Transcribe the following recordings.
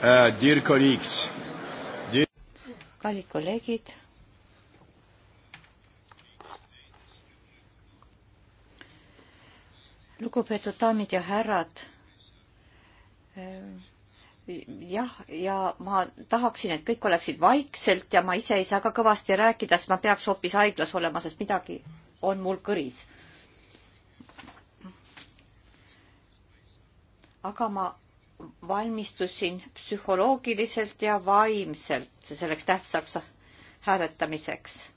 Uh, dear colleagues, dear... kallid kolleegid. lugupeetud daamid ja härrad. Eh, jah, ja ma tahaksin, et kõik oleksid vaikselt ja ma ise ei saa ka kõvasti rääkida, sest ma peaks hoopis haiglas olema, sest midagi on mul kõris. aga ma valmistusin psühholoogiliselt ja vaimselt selleks tähtsaks hääletamiseks.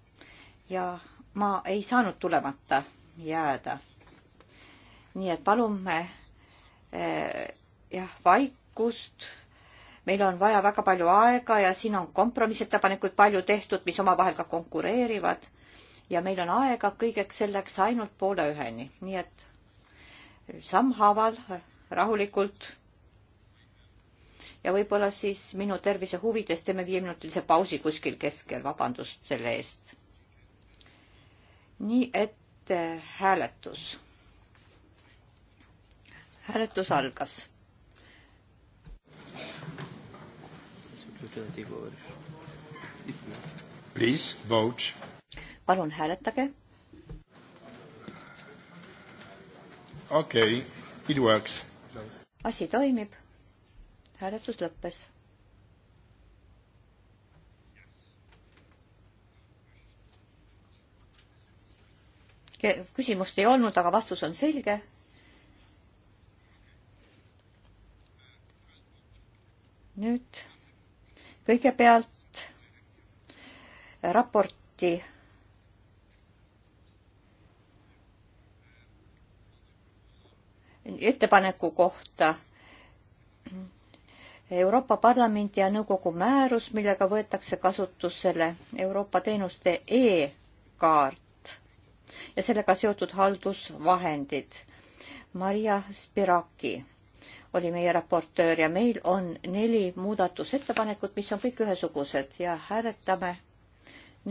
ja ma ei saanud tulemata jääda. nii et palume eh, jah, vaikust. meil on vaja väga palju aega ja siin on kompromissettepanekuid palju tehtud, mis omavahel ka konkureerivad. ja meil on aega kõigeks selleks ainult poole üheni, nii et sammhaaval rahulikult ja võib-olla siis minu tervise huvides teeme viieminutilise pausi kuskil keskel, vabandust selle eest. nii et äh, hääletus. hääletus algas. Please vote. palun hääletage. okei okay,, it works. asi toimib hääletus lõppes. küsimust ei olnud, aga vastus on selge. nüüd kõigepealt raporti ettepaneku kohta Euroopa Parlamendi ja Nõukogu määrus, millega võetakse kasutusele Euroopa teenuste e-kaart ja sellega seotud haldusvahendid. Maria Spiraki oli meie raportöör ja meil on neli muudatusettepanekut, mis on kõik ühesugused ja hääletame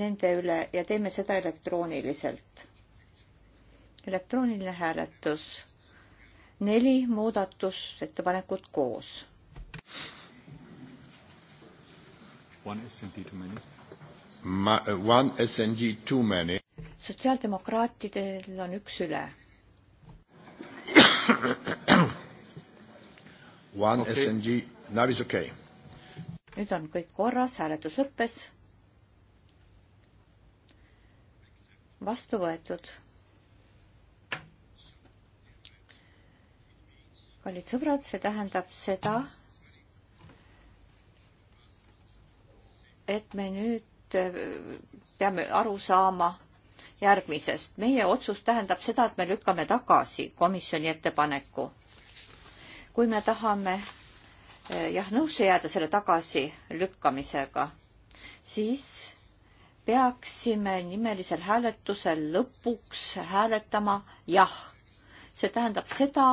nende üle ja teeme seda elektrooniliselt. elektrooniline hääletus, neli muudatusettepanekut koos sotsiaaldemokraatidel on üks üle. One okay. SNG, now is okay. nüüd on kõik korras, hääletus lõppes. vastu võetud. kallid sõbrad, see tähendab seda, et me nüüd äh, peame aru saama järgmisest. meie otsus tähendab seda, et me lükkame tagasi komisjoni ettepaneku. kui me tahame äh, jah, nõusse jääda selle tagasilükkamisega, siis peaksime nimelisel hääletusel lõpuks hääletama jah. see tähendab seda,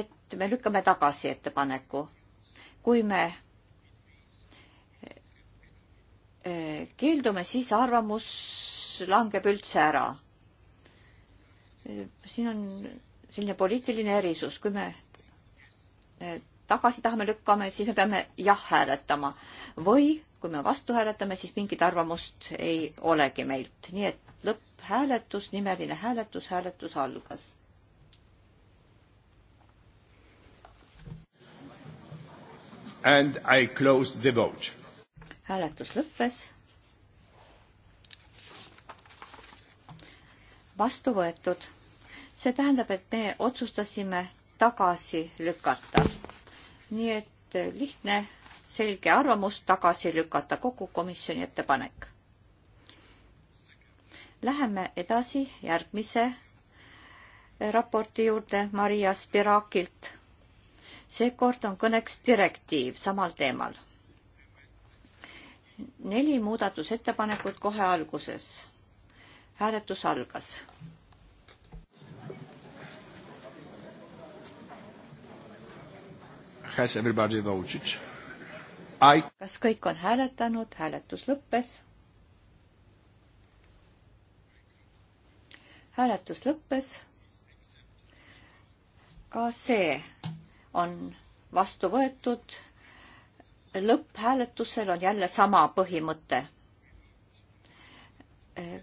et me lükkame tagasi ettepaneku. kui me Eh, keeldume, siis arvamus langeb üldse ära. Eh, siin on selline poliitiline erisus, kui me eh, tagasi tahame lükkame, siis me peame jah hääletama või kui me vastu hääletame, siis mingit arvamust ei olegi meilt, nii et lõpphääletus, nimeline hääletus, hääletus algas. And I closed the vote hääletus lõppes. vastu võetud. see tähendab, et me otsustasime tagasi lükata. nii et lihtne, selge arvamus tagasi lükata, kogu komisjoni ettepanek. Läheme edasi järgmise raporti juurde Maria Spirakilt. seekord on kõneks direktiiv samal teemal neli muudatusettepanekut kohe alguses. hääletus algas. Has everybody voted? I... kas kõik on hääletanud, hääletus lõppes. hääletus lõppes. ka see on vastu võetud lõpphääletusel on jälle sama põhimõte.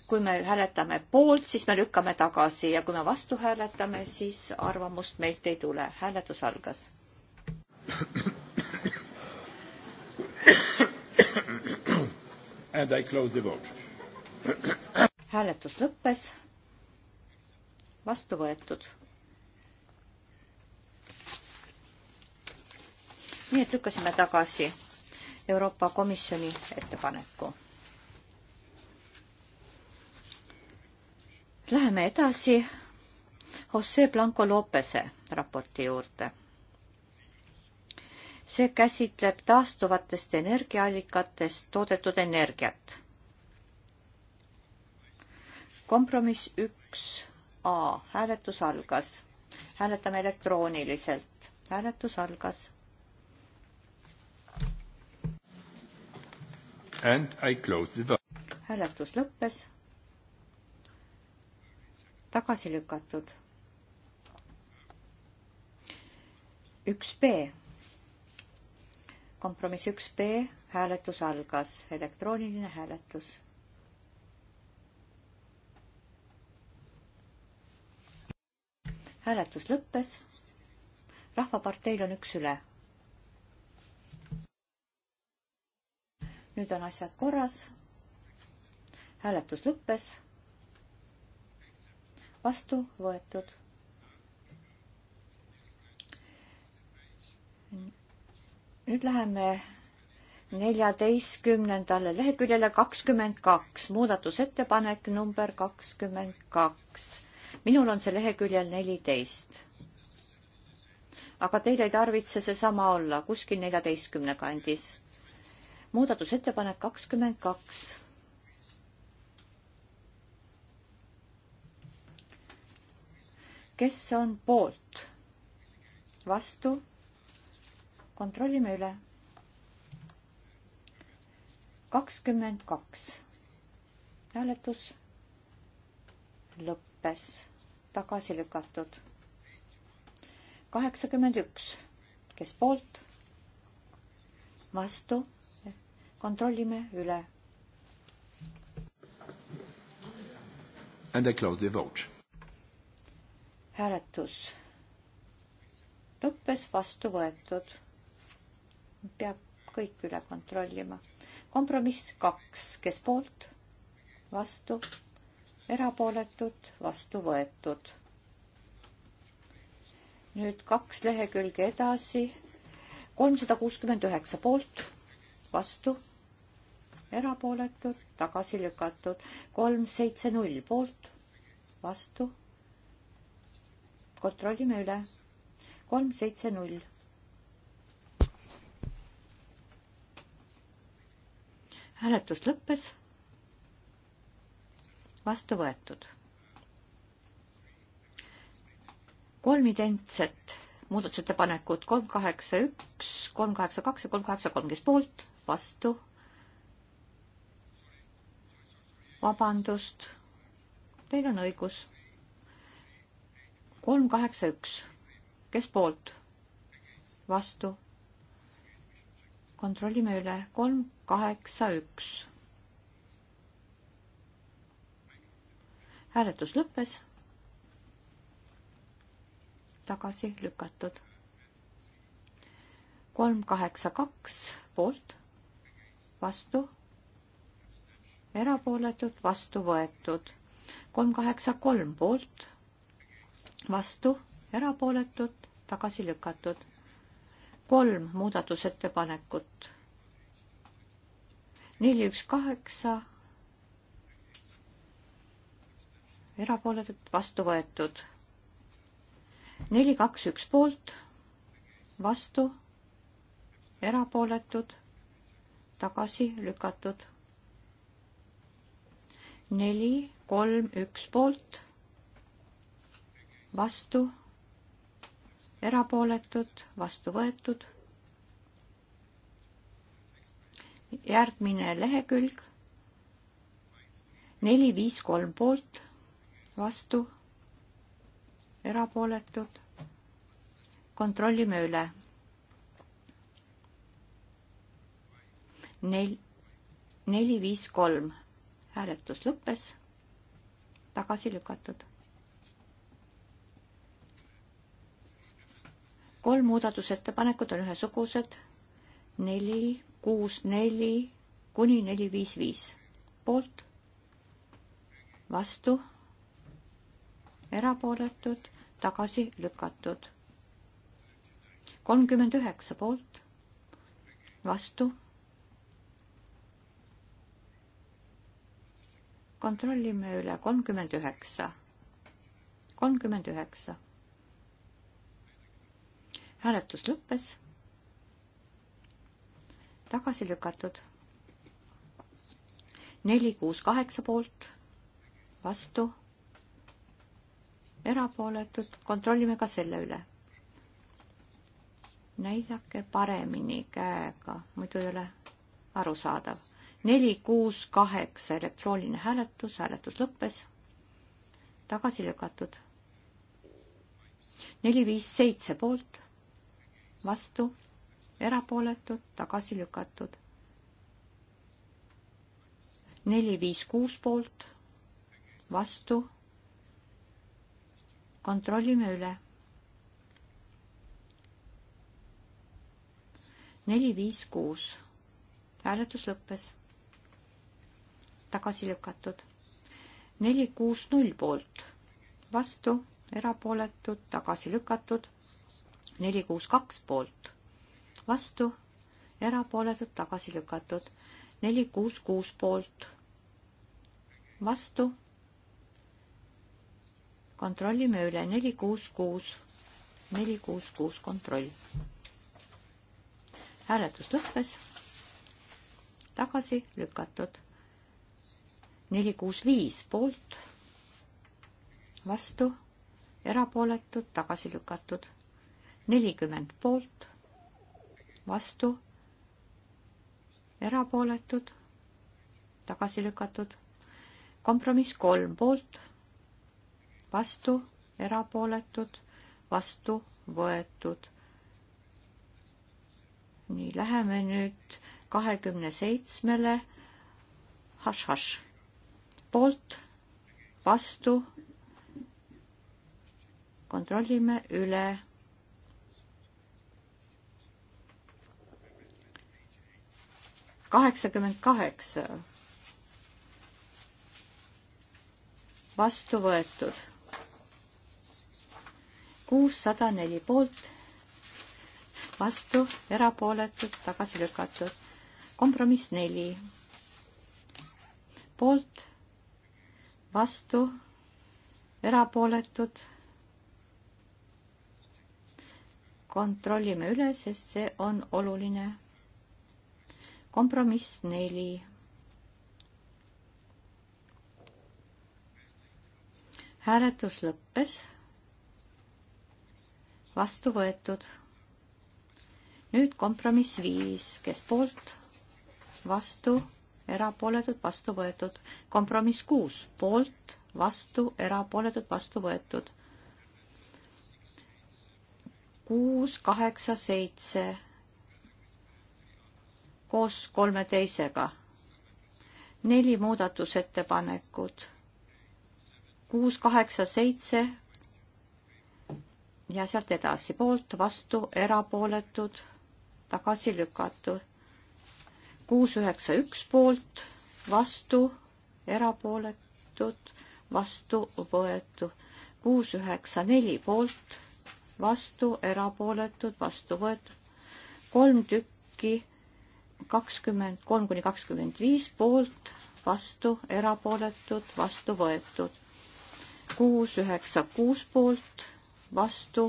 kui me hääletame poolt, siis me lükkame tagasi ja kui me vastu hääletame, siis arvamust meilt ei tule. hääletus algas. And I close the vote. hääletus lõppes. vastu võetud nii et lükkasime tagasi Euroopa Komisjoni ettepaneku. Läheme edasi Jose Blanco Lopese raporti juurde. see käsitleb taastuvatest energiaallikatest toodetud energiat. kompromiss üks A, hääletus algas. hääletame elektrooniliselt. hääletus algas hääletus lõppes. tagasi lükatud. üks B. kompromiss üks B, hääletus algas, elektrooniline hääletus hääletus lõppes. rahvaparteil on üks üle. nüüd on asjad korras. hääletus lõppes. vastu võetud. nüüd läheme neljateistkümnendale leheküljele kakskümmend kaks, muudatusettepanek number kakskümmend kaks. minul on see leheküljel neliteist. aga teil ei tarvitse seesama olla, kuskil neljateistkümne kandis muudatusettepanek kakskümmend kaks. kes on poolt? vastu? kontrollime üle. kakskümmend kaks. hääletus lõppes, tagasi lükatud. kaheksakümmend üks, kes poolt? vastu kontrollime üle. And I close the vote. hääletus lõppes, vastu võetud. peab kõik üle kontrollima. kompromiss kaks, kes poolt, vastu, erapooletud, vastu võetud. nüüd kaks lehekülge edasi, kolmsada kuuskümmend üheksa poolt, vastu erapooletud, tagasi lükatud. kolm, seitse, null poolt, vastu. kontrollime üle. kolm, seitse, null. hääletus lõppes. vastu võetud. kolm identset muudatusettepanekud kolm, kaheksa, üks, kolm, kaheksa, kaks ja kolm, kaheksa, kolm, kes poolt, vastu vabandust, teil on õigus. kolm, kaheksa, üks, kes poolt? vastu. kontrollime üle, kolm, kaheksa, üks. hääletus lõppes. tagasi lükatud. kolm, kaheksa, kaks poolt, vastu erapooletud, vastu võetud. kolm kaheksa kolm poolt, vastu, erapooletud, tagasi lükatud. kolm muudatusettepanekut. neli, üks, kaheksa, erapooletud, vastu võetud. neli, kaks, üks poolt, vastu, erapooletud, tagasi lükatud neli, kolm, üks poolt, vastu, erapooletud, vastu võetud. järgmine lehekülg, neli, viis, kolm poolt, vastu, erapooletud. kontrollime üle. nel-, neli, viis, kolm hääletus lõppes, tagasi lükatud. kolm muudatusettepanekut on ühesugused, neli, kuus, neli kuni neli, viis, viis poolt, vastu, erapooletud, tagasi lükatud. kolmkümmend üheksa poolt, vastu kontrollime üle, kolmkümmend üheksa, kolmkümmend üheksa. hääletus lõppes. tagasi lükatud. neli, kuus, kaheksa poolt, vastu, erapooletud, kontrollime ka selle üle. näidake paremini käega, muidu ei ole arusaadav neli, kuus, kaheksa elektrooniline hääletus, hääletus lõppes. tagasi lükatud. neli, viis, seitse poolt, vastu, erapooletud, tagasi lükatud. neli, viis, kuus poolt, vastu. kontrollime üle. neli, viis, kuus hääletus lõppes tagasi lükatud. neli, kuus, null poolt, vastu, erapooletud, tagasi lükatud. neli, kuus, kaks poolt, vastu, erapooletud, tagasi lükatud. neli, kuus, kuus poolt, vastu. kontrollime üle, neli, kuus, kuus, neli, kuus, kuus, kontroll. hääletus lõppes tagasi lükatud neli, kuus, viis poolt, vastu, erapooletud, tagasi lükatud, nelikümmend poolt, vastu, erapooletud, tagasi lükatud, kompromiss kolm poolt, vastu, erapooletud, vastu võetud. nii, läheme nüüd kahekümne seitsmele hašhaš poolt, vastu. kontrollime üle. kaheksakümmend kaheksa. vastu võetud. kuussada neli poolt, vastu, erapooletud, tagasi lükatud. kompromiss neli. poolt vastu, erapooletud. kontrollime üle, sest see on oluline. kompromiss neli. hääletus lõppes. vastu võetud. nüüd kompromiss viis, kes poolt, vastu erapooletud, vastu võetud. kompromiss kuus, poolt, vastu, erapooletud, vastu võetud. kuus, kaheksa, seitse koos kolme teisega. neli muudatusettepanekut. kuus, kaheksa, seitse ja sealt edasi, poolt, vastu, erapooletud, tagasi lükatud kuus üheksa üks poolt, vastu, erapooletud, vastu võetu. kuus üheksa neli poolt, vastu, erapooletud, vastu võetud. kolm tükki, kakskümmend kolm kuni kakskümmend viis poolt, vastu, erapooletud, vastu võetud. kuus üheksa kuus poolt, vastu,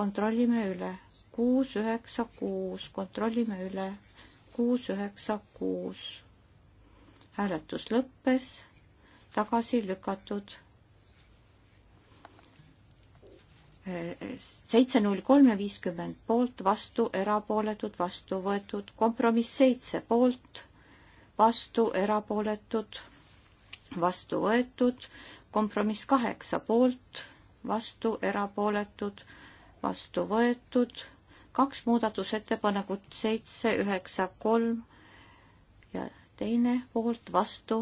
kontrollime üle. kuus üheksa kuus, kontrollime üle kuus, üheksa, kuus. hääletus lõppes, tagasi lükatud. seitse, null kolm ja viiskümmend poolt, vastu, erapooletud, vastu võetud, kompromiss seitse poolt, vastu, erapooletud, vastu võetud, kompromiss kaheksa poolt, vastu, erapooletud, vastu võetud kaks muudatusettepanekut, seitse, üheksa, kolm ja teine poolt vastu.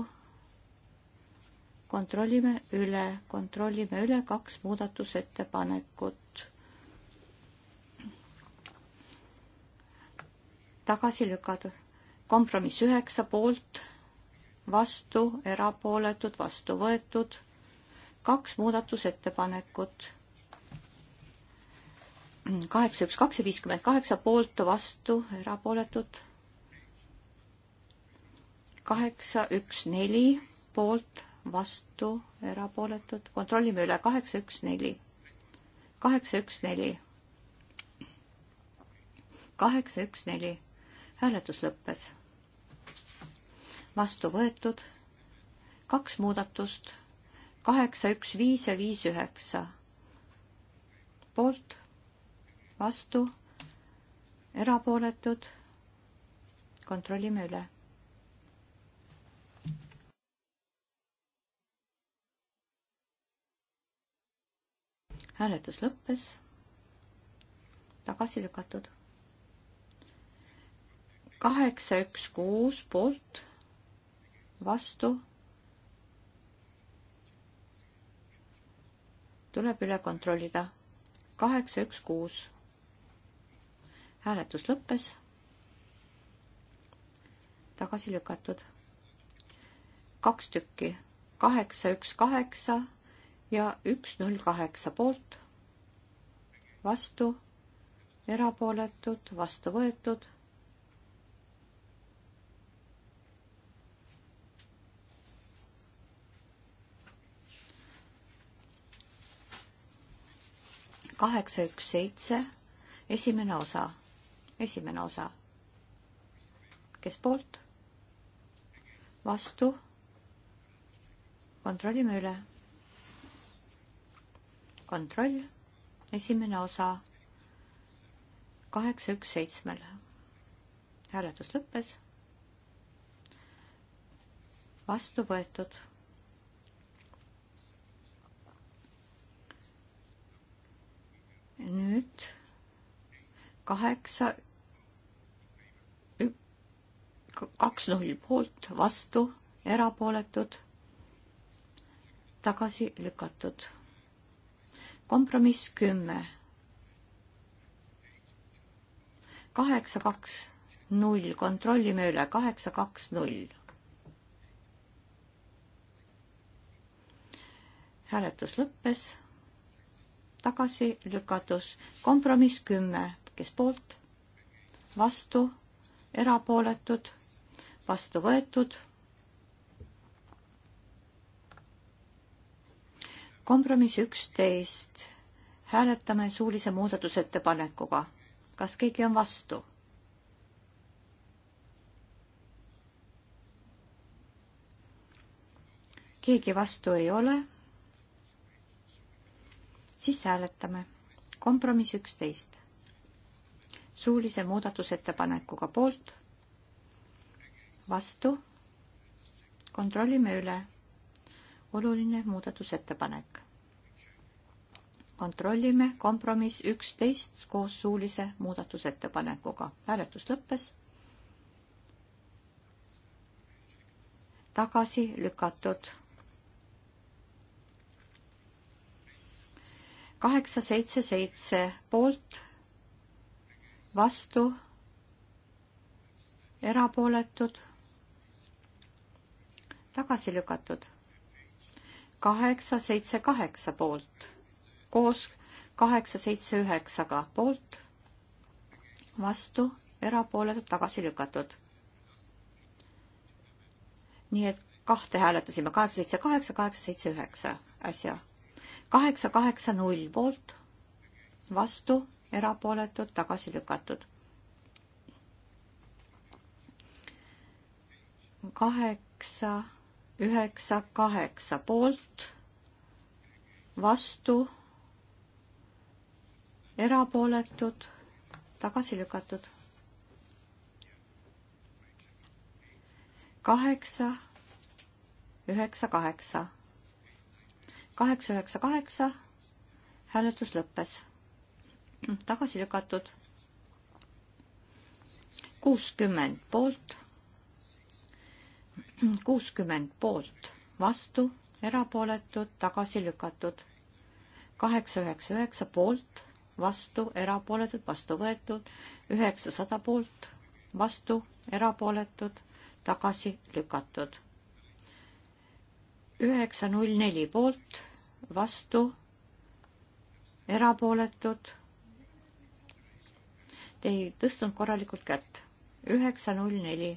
kontrollime üle, kontrollime üle kaks muudatusettepanekut. tagasi lükatud, kompromiss üheksa poolt, vastu, erapooletud, vastu võetud, kaks muudatusettepanekut kaheksa, üks, kaks ja viiskümmend kaheksa poolt, vastu, erapooletud. kaheksa, üks, neli poolt, vastu, erapooletud. kontrollime üle, kaheksa, üks, neli. kaheksa, üks, neli. kaheksa, üks, neli. hääletus lõppes. vastu võetud. kaks muudatust. kaheksa, üks, viis ja viis, üheksa. poolt vastu, erapooletud, kontrollime üle. hääletus lõppes, tagasi lükatud. kaheksa, üks, kuus poolt, vastu tuleb üle kontrollida. kaheksa, üks, kuus hääletus lõppes. tagasi lükatud. kaks tükki, kaheksa, üks, kaheksa ja üks, null, kaheksa poolt. vastu, erapooletud, vastu võetud kaheksa, üks, seitse, esimene osa esimene osa. kes poolt? vastu? kontrollime üle. kontroll, esimene osa kaheksa, üks, seitsmele. hääletus lõppes. vastu võetud. nüüd kaheksa, kaks null poolt, vastu, erapooletud, tagasi lükatud. kompromiss kümme. kaheksa, kaks, null, kontrollime üle, kaheksa, kaks, null. hääletus lõppes tagasi lükatus, kompromiss kümme kes poolt, vastu, erapooletud, vastu võetud. kompromiss üksteist, hääletame suulise muudatusettepanekuga. kas keegi on vastu? keegi vastu ei ole, siis hääletame. kompromiss üksteist suulise muudatusettepanekuga poolt, vastu, kontrollime üle, oluline muudatusettepanek. kontrollime kompromiss üksteist koos suulise muudatusettepanekuga. hääletus lõppes. tagasi lükatud kaheksa, seitse, seitse poolt, vastu, erapooletud, tagasi lükatud. kaheksa, seitse, kaheksa poolt koos kaheksa, seitse, üheksaga poolt, vastu, erapooletud, tagasi lükatud. nii et kahte hääletasime, kaheksa, seitse, kaheksa, kaheksa, seitse, üheksa äsja. kaheksa, kaheksa, null poolt, vastu erapooletud, tagasi lükatud. kaheksa, üheksa, kaheksa poolt, vastu, erapooletud, tagasi lükatud. kaheksa, üheksa, kaheksa, kaheksa, üheksa, kaheksa, hääletus lõppes Mm, tagasi lükatud. kuuskümmend poolt, kuuskümmend poolt, vastu, erapooletud, tagasi lükatud. kaheksa, üheksa, üheksa poolt, vastu, erapooletud, vastu võetud, üheksasada poolt, vastu, erapooletud, tagasi lükatud. üheksa, null, neli poolt, vastu, erapooletud Te ei tõstnud korralikult kätt. üheksa, null, neli.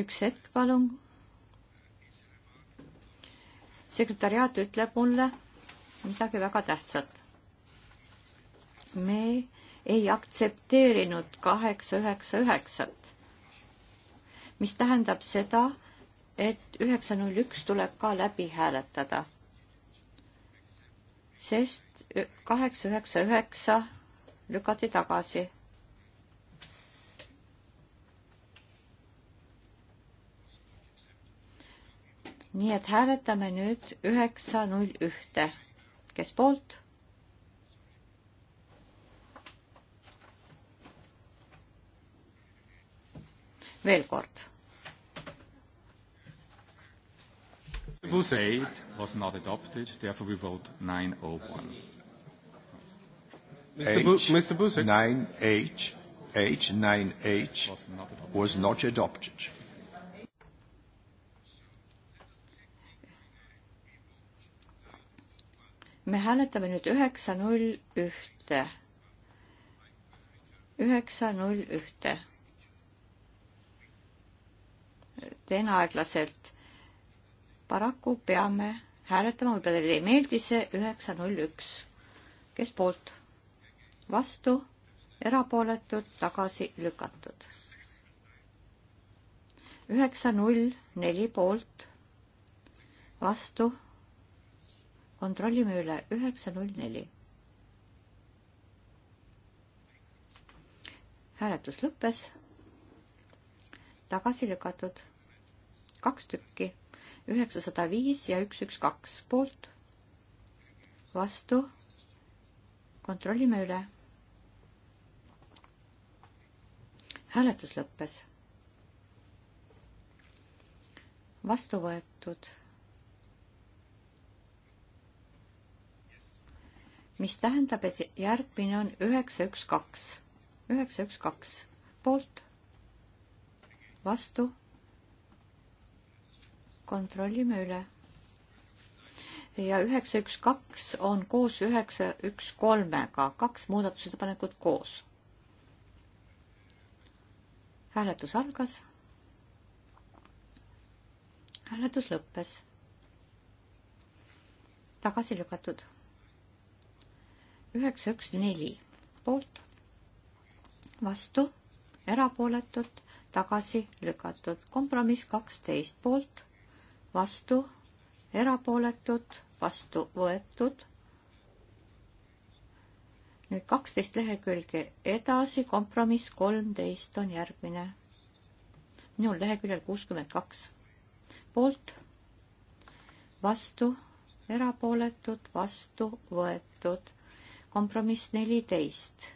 üks hetk, palun. sekretäriaat ütleb mulle midagi väga tähtsat. me ei aktsepteerinud kaheksa, üheksa, üheksat, mis tähendab seda, et üheksa null üks tuleb ka läbi hääletada, sest kaheksa üheksa üheksa lükati tagasi. nii et hääletame nüüd üheksa null ühte, kes poolt veel kord Eight was not adopted, therefore we vote 901. Mr. Bu Mr. Buzek. 9H, H, 9H was not adopted. Was not adopted. me hääletame nüüd üheksa, null, ühte. üheksa, null, ühte. teen aeglaselt paraku peame hääletama, võib-olla teile ei meeldi see üheksa null üks. kes poolt? vastu, erapooletud, tagasi lükatud. üheksa null neli poolt, vastu, kontrollime üle, üheksa null neli. hääletus lõppes, tagasi lükatud, kaks tükki üheksasada viis ja üks, üks, kaks poolt, vastu, kontrollime üle. hääletus lõppes. vastu võetud. mis tähendab, et järgmine on üheksa, üks, kaks, üheksa, üks, kaks poolt, vastu kontrollime üle. ja üheksa, üks, kaks on koos üheksa, üks, kolmega, kaks muudatusettepanekut koos. hääletus algas. hääletus lõppes. tagasi lükatud. üheksa, üks, neli poolt, vastu, erapooletud tagasi lükatud. kompromiss kaksteist poolt, vastu, erapooletud, vastu võetud. nüüd kaksteist lehekülge edasi, kompromiss kolmteist on järgmine. minul leheküljel kuuskümmend kaks. poolt, vastu, erapooletud, vastu võetud. kompromiss neliteist.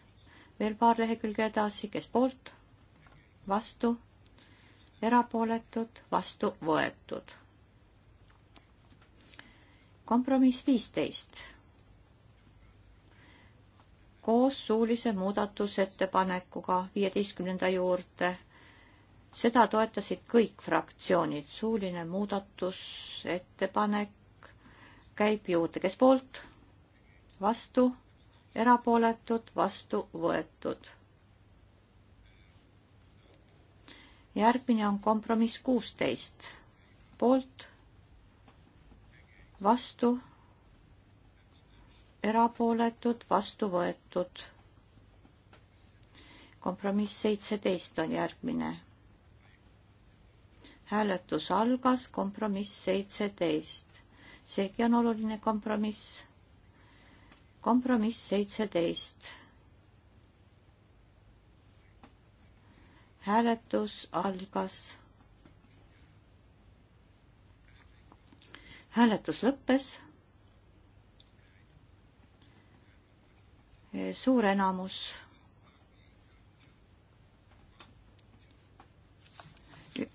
veel paar lehekülge edasi, kes poolt, vastu, erapooletud, vastu võetud kompromiss viisteist koos suulise muudatusettepanekuga viieteistkümnenda juurde. seda toetasid kõik fraktsioonid, suuline muudatusettepanek käib juurde, kes poolt, vastu, erapooletud, vastu võetud. järgmine on kompromiss kuusteist, poolt vastu, erapooletud, vastu võetud. kompromiss seitseteist on järgmine. hääletus algas, kompromiss seitseteist. seegi on oluline kompromiss. kompromiss seitseteist. hääletus algas hääletus lõppes. suur enamus.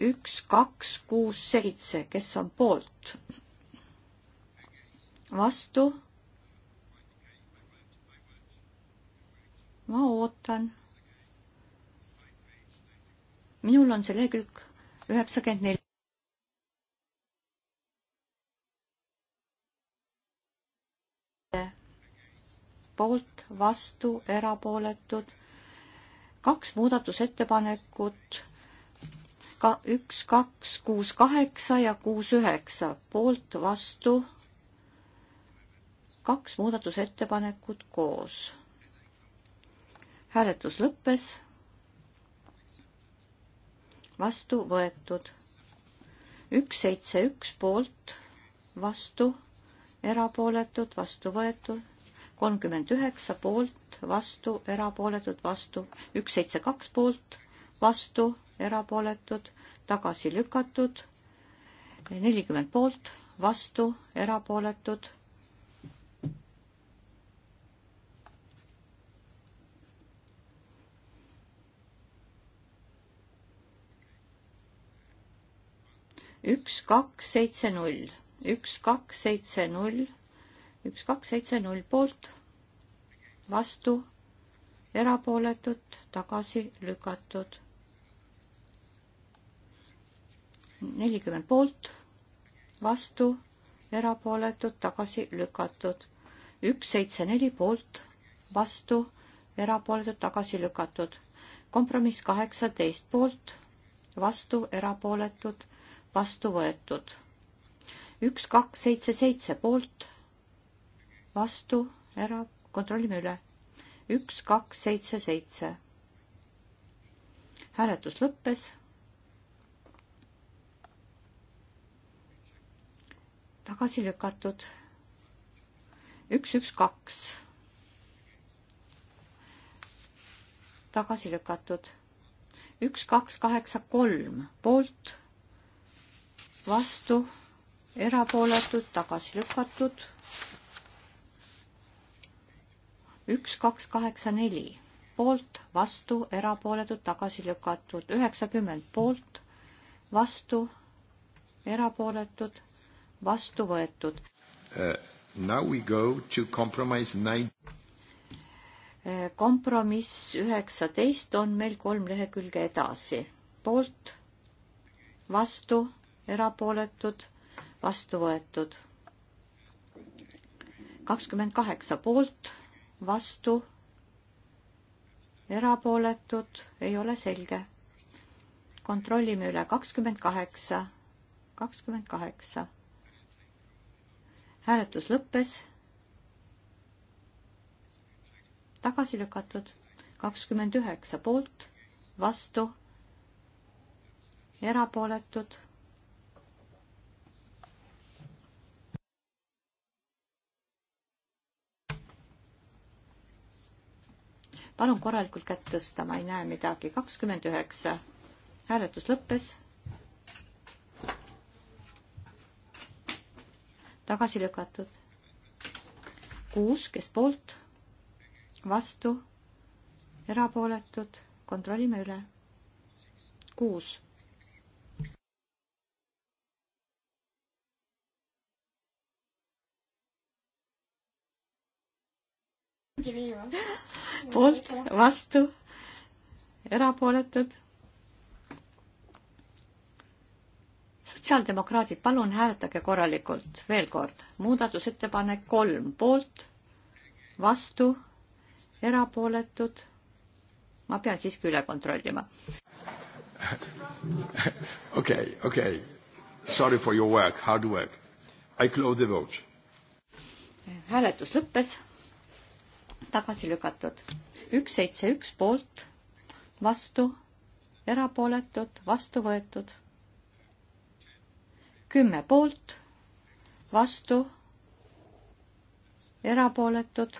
üks, kaks, kuus, seitse, kes on poolt? vastu? ma ootan. minul on see lehekülg üheksakümmend neli. poolt, vastu, erapooletud. kaks muudatusettepanekut, ka üks, kaks, kuus, kaheksa ja kuus, üheksa, poolt, vastu. kaks muudatusettepanekut koos. hääletus lõppes. vastu võetud. üks, seitse, üks poolt, vastu erapooletud, vastu võetud, kolmkümmend üheksa poolt, vastu, erapooletud, vastu, üks, seitse, kaks poolt, vastu, erapooletud, tagasi lükatud, nelikümmend poolt, vastu, erapooletud. üks, kaks, seitse, null, üks, kaks, seitse, null üks, kaks, seitse, null poolt, vastu, erapooletud, tagasi lükatud. nelikümmend poolt, vastu, erapooletud, tagasi lükatud. üks, seitse, neli poolt, vastu, erapooletud, tagasi lükatud. kompromiss kaheksateist poolt, vastu, erapooletud, vastu võetud. üks, kaks, seitse, seitse poolt vastu, ära, kontrollime üle. üks, kaks, seitse, seitse. hääletus lõppes. tagasi lükatud. üks, üks, kaks. tagasi lükatud. üks, kaks, kaheksa, kolm poolt, vastu, erapooletud, tagasi lükatud üks, kaks, kaheksa, neli poolt, vastu, erapooletud, tagasi lükatud, üheksakümmend poolt, vastu, erapooletud, vastu võetud uh,. Now we go to compromise nine. Uh, kompromiss üheksateist on meil kolm lehekülge edasi, poolt, vastu, erapooletud, vastu võetud. kakskümmend kaheksa poolt vastu, erapooletud, ei ole selge. kontrollime üle, kakskümmend kaheksa, kakskümmend kaheksa. hääletus lõppes. tagasi lükatud, kakskümmend üheksa poolt, vastu, erapooletud palun korralikult kätt tõsta, ma ei näe midagi. kakskümmend üheksa. hääletus lõppes. tagasi lükatud. kuus, kes poolt, vastu, erapooletud, kontrollime üle. kuus kivi viima poolt, vastu, erapooletud. sotsiaaldemokraadid, palun hääletage korralikult, veel kord, muudatusettepanek kolm, poolt, vastu, erapooletud. ma pean siiski üle kontrollima. okei, okei, sorry for your work, hard work. I close the vote. hääletus lõppes tagasi lükatud. üks, seitse, üks poolt, vastu, erapooletud, vastu võetud. kümme poolt, vastu, erapooletud.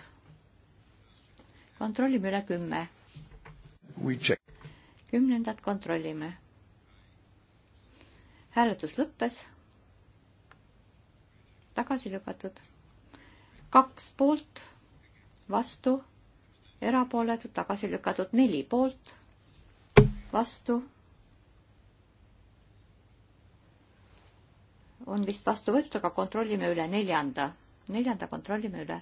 kontrollime üle kümme. kümnendat kontrollime. hääletus lõppes. tagasi lükatud. kaks poolt vastu, erapooletud, tagasi lükatud neli poolt, vastu. on vist vastu võetud, aga kontrollime üle neljanda, neljanda kontrollime üle.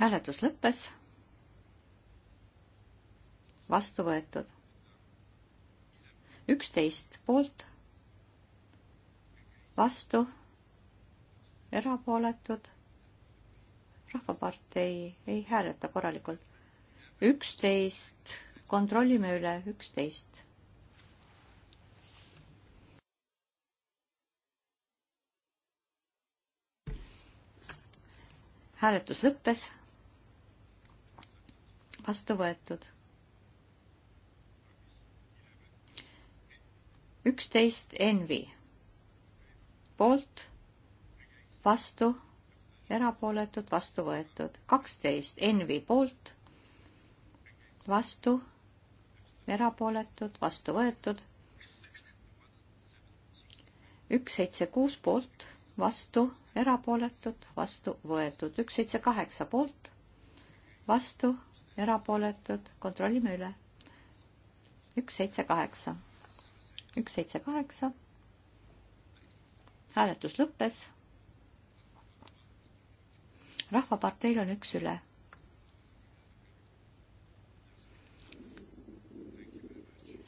hääletus lõppes. vastu võetud üksteist poolt vastu, erapooletud. rahvapartei ei hääleta korralikult. üksteist, kontrollime üle, üksteist. hääletus lõppes. vastu võetud. üksteist Envi poolt, vastu, erapooletud, vastu võetud. kaksteist Envi poolt, vastu, erapooletud, vastu võetud. üks, seitse, kuus poolt, vastu, erapooletud, vastu võetud. üks, seitse, kaheksa poolt, vastu, erapooletud, kontrollime üle. üks, seitse, kaheksa, üks, seitse, kaheksa hääletus lõppes. rahvaparteil on üks üle.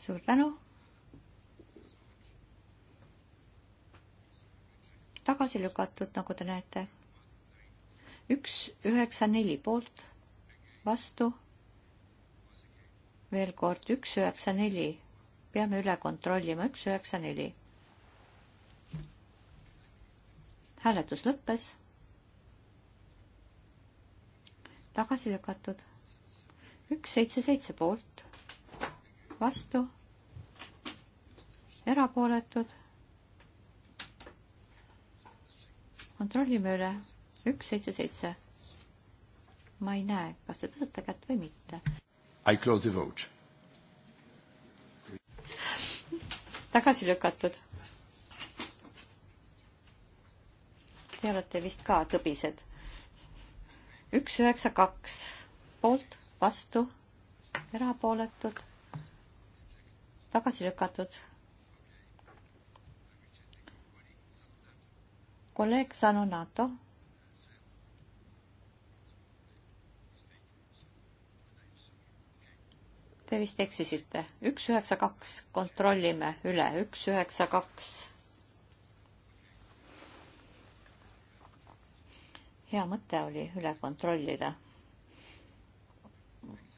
suur tänu. tagasi lükatud, nagu te näete. üks üheksa neli poolt, vastu. veel kord üks üheksa neli, peame üle kontrollima, üks üheksa neli hääletus lõppes. tagasi lükatud. üks, seitse, seitse poolt, vastu, erapooletud. kontrollime üle, üks, seitse, seitse. ma ei näe, kas te tõstate kätt või mitte. I close the vote. tagasi lükatud te olete vist ka tõbised. üks, üheksa, kaks poolt, vastu, erapooletud, tagasi lükatud. kolleeg Sanonato. Te vist eksisite, üks, üheksa, kaks, kontrollime üle, üks, üheksa, kaks hea mõte oli üle kontrollida.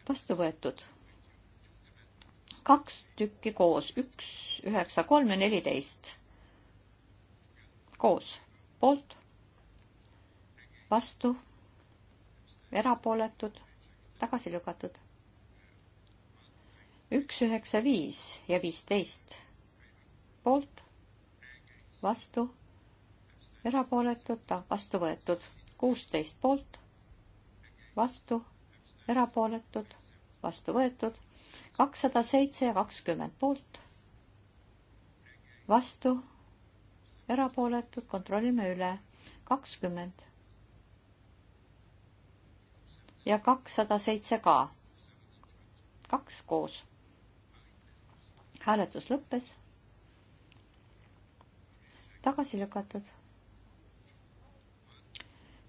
vastu võetud kaks tükki koos, üks, üheksa, kolm ja neliteist. koos, poolt, vastu, erapooletud, tagasi lükatud. üks, üheksa, viis ja viisteist, poolt, vastu, erapooletud, vastu võetud kuusteist poolt, vastu, erapooletud, vastu võetud, kakssada seitse ja kakskümmend poolt, vastu, erapooletud, kontrollime üle, kakskümmend ja kakssada seitse ka. kaks koos. hääletus lõppes. tagasi lükatud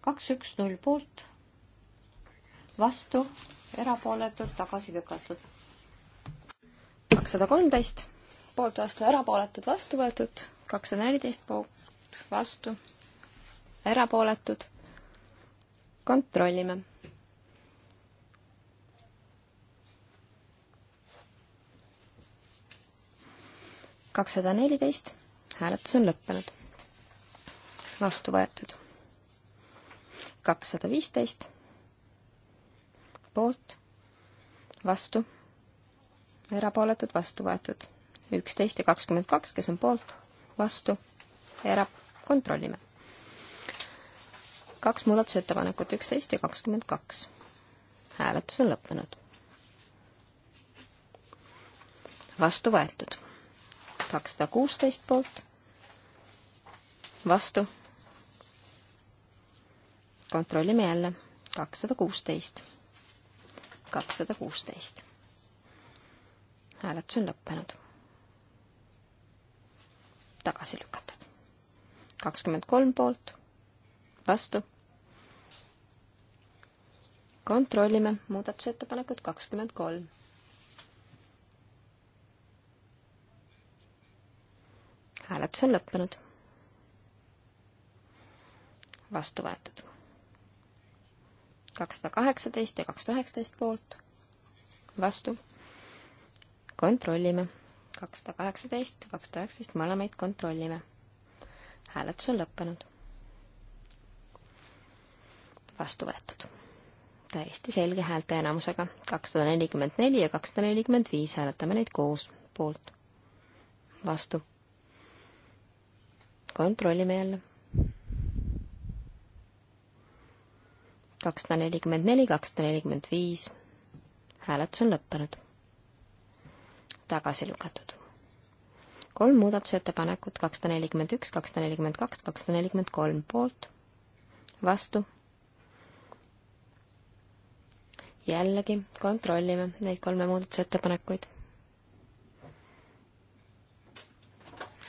kaks, üks, null poolt, vastu, erapooletud, tagasi lükatud. kakssada kolmteist, poolt, vastu, erapooletud, vastu võetud, kakssada neliteist poolt, vastu, erapooletud. kontrollime. kakssada neliteist, hääletus on lõppenud. vastu võetud kakssada viisteist poolt, vastu, erapooletud, vastu võetud. üksteist ja kakskümmend kaks, kes on poolt, vastu, era-, kontrollime. kaks muudatusettepanekut, üksteist ja kakskümmend kaks. hääletus on lõppenud. vastu võetud. kakssada kuusteist poolt, vastu kontrollime jälle, kakssada kuusteist, kakssada kuusteist. hääletus on lõppenud. tagasi lükatud. kakskümmend kolm poolt, vastu. kontrollime muudatusettepanekut kakskümmend kolm. hääletus on lõppenud. vastu võetud kakssada kaheksateist ja kakssada üheksateist poolt, vastu. kontrollime. kakssada kaheksateist, kakssada üheksateist mõlemaid kontrollime. hääletus on lõppenud. vastu võetud. täiesti selge häälteenamusega. kakssada nelikümmend neli ja kakssada nelikümmend viis, hääletame neid koos, poolt, vastu. kontrollime jälle kakssada nelikümmend neli, kakssada nelikümmend viis. hääletus on lõppenud. tagasi lükatud. kolm muudatusettepanekut, kakssada nelikümmend üks, kakssada nelikümmend kaks, kakssada nelikümmend kolm poolt, vastu. jällegi kontrollime neid kolme muudatusettepanekuid.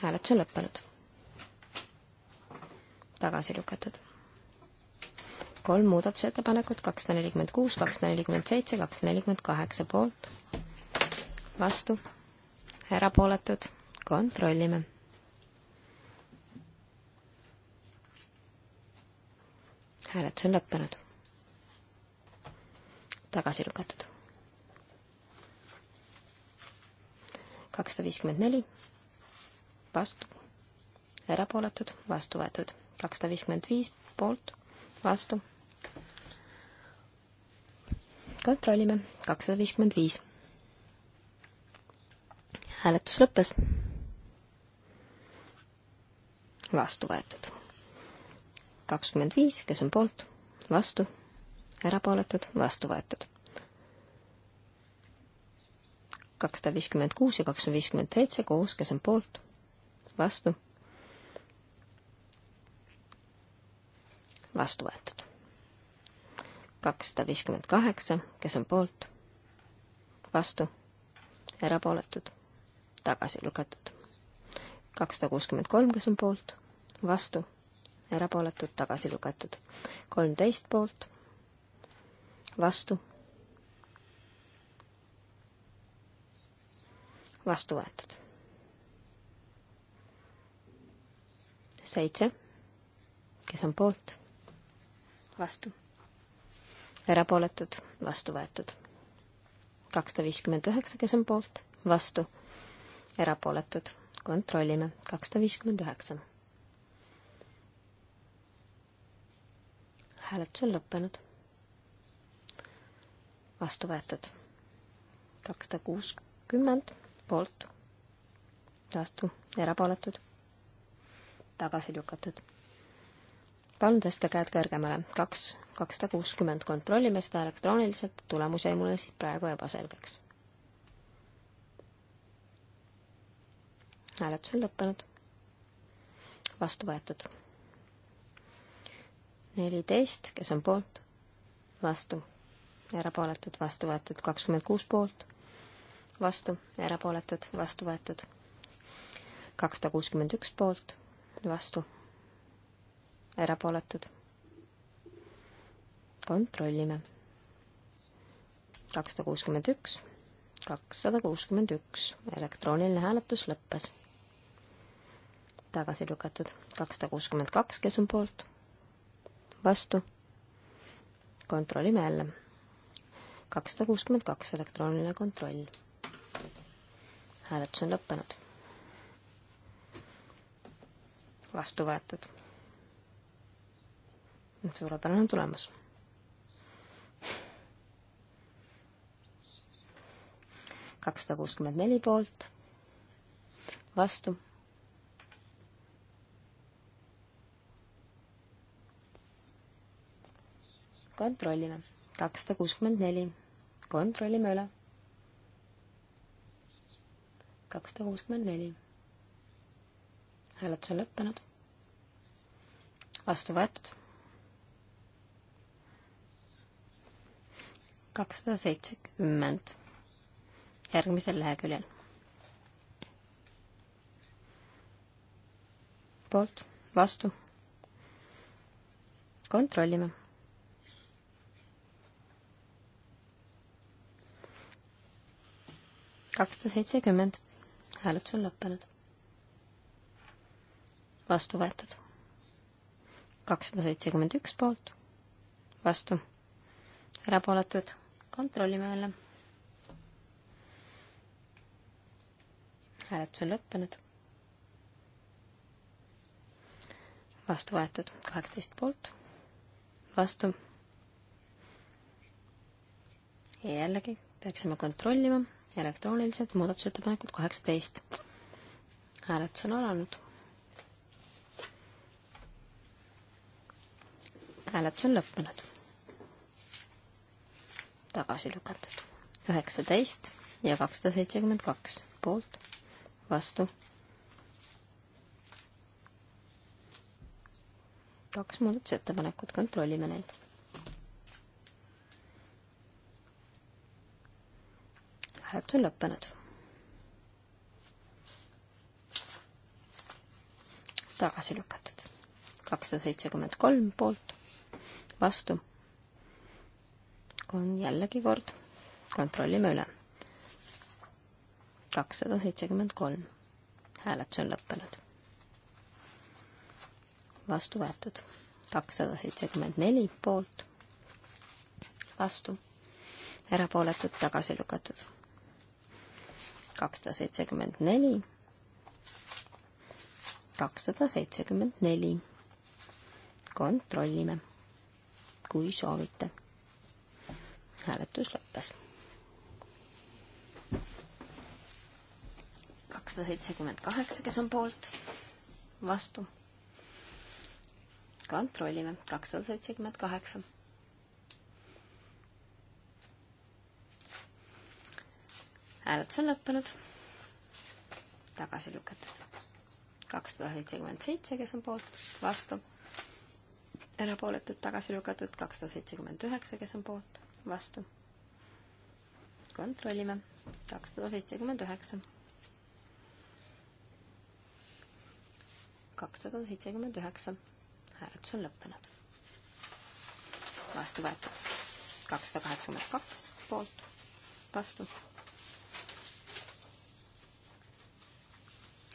hääletus on lõppenud. tagasi lükatud kolm muudatusettepanekut, kakssada nelikümmend kuus, kakssada nelikümmend seitse, kakssada nelikümmend kaheksa poolt, vastu, erapooletud, kontrollime. hääletus on lõppenud. tagasi lükatud. kakssada viiskümmend neli, vastu, erapooletud, vastu võetud, kakssada viiskümmend viis poolt, vastu kontrollime, kakssada viiskümmend viis. hääletus lõppes. vastu võetud. kakskümmend viis, kes on poolt, vastu, erapooletud, vastu võetud. kakssada viiskümmend kuus ja kakssada viiskümmend seitse koos, kes on poolt, vastu vastu võetud kakssada viiskümmend kaheksa, kes on poolt, vastu, erapooletud, tagasi lükatud. kakssada kuuskümmend kolm, kes on poolt, vastu, erapooletud, tagasi lükatud. kolmteist poolt, vastu, vastu võetud. seitse, kes on poolt, vastu erapooletud, vastu võetud. kakssada viiskümmend üheksa, kes on poolt, vastu, erapooletud, kontrollime, kakssada viiskümmend üheksa. hääletus on lõppenud. vastu võetud. kakssada kuuskümmend poolt, vastu, erapooletud, tagasi lükatud palun tõstke käed kõrgemale. kaks, kakssada kuuskümmend, kontrollime seda elektrooniliselt, tulemus jäi mulle siit praegu ebaselgeks. hääletus on lõppenud. vastu võetud. neliteist, kes on poolt? vastu. erapooletud, vastu võetud, kakskümmend kuus poolt. vastu, erapooletud, vastu võetud. kakssada kuuskümmend üks poolt, vastu erapooletud. kontrollime. kakssada kuuskümmend üks, kakssada kuuskümmend üks, elektrooniline hääletus lõppes. tagasi lükatud kakssada kuuskümmend kaks, kes on poolt, vastu. kontrollime jälle. kakssada kuuskümmend kaks, elektrooniline kontroll. hääletus on lõppenud vastu võetud suurepärane tulemus. kakssada kuuskümmend neli poolt, vastu kontrollime. kakssada kuuskümmend neli. kontrollime üle. kakssada kuuskümmend neli. hääletus on lõppenud. vastu võetud kakssada seitsekümmend järgmisel leheküljel. poolt, vastu. kontrollime. kakssada seitsekümmend, hääletus on lõppenud. vastu võetud. kakssada seitsekümmend üks poolt, vastu, erapooletud kontrollime jälle. hääletus on lõppenud. vastu võetud kaheksateist poolt, vastu. ja jällegi peaksime kontrollima elektrooniliselt muudatusettepanekut kaheksateist. hääletus on alanud. hääletus on lõppenud tagasi lükatud. üheksateist ja kakssada seitsekümmend kaks poolt, vastu. kaks muudatusettepanekut, kontrollime neid. hääletus on lõppenud. tagasi lükatud. kakssada seitsekümmend kolm poolt, vastu AFCON jällegi kord, kontrollime üle. kakssada seitsekümmend kolm, hääletus on lõppenud. vastu võetud, kakssada seitsekümmend neli poolt, vastu, erapooletud, tagasi lükatud. kakssada seitsekümmend neli, kakssada seitsekümmend neli, kontrollime, kui soovite hääletus lõppes. kakssada seitsekümmend kaheksa, kes on poolt, vastu. kontrollime, kakssada seitsekümmend kaheksa. hääletus on lõppenud, tagasi lükatud. kakssada seitsekümmend seitse, kes on poolt, vastu erapooletud tagasi lükatud kakssada seitsekümmend üheksa, kes on poolt, vastu. kontrollime. kakssada seitsekümmend üheksa. kakssada seitsekümmend üheksa. hääletus on lõppenud. vastu võetud. kakssada kaheksakümmend kaks poolt, vastu.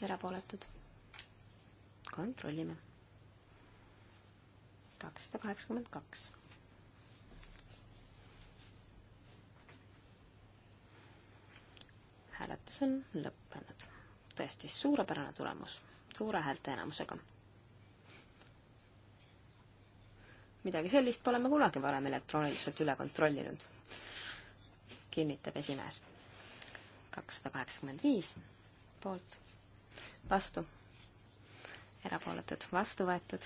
erapooletud. kontrollime. kakssada kaheksakümmend kaks hääletus on lõppenud. tõesti suurepärane tulemus, suure häälteenamusega. midagi sellist pole me kunagi varem elektrooniliselt üle kontrollinud, kinnitab esimees. kakssada kaheksakümmend viis poolt, vastu, erapooletud, vastu võetud,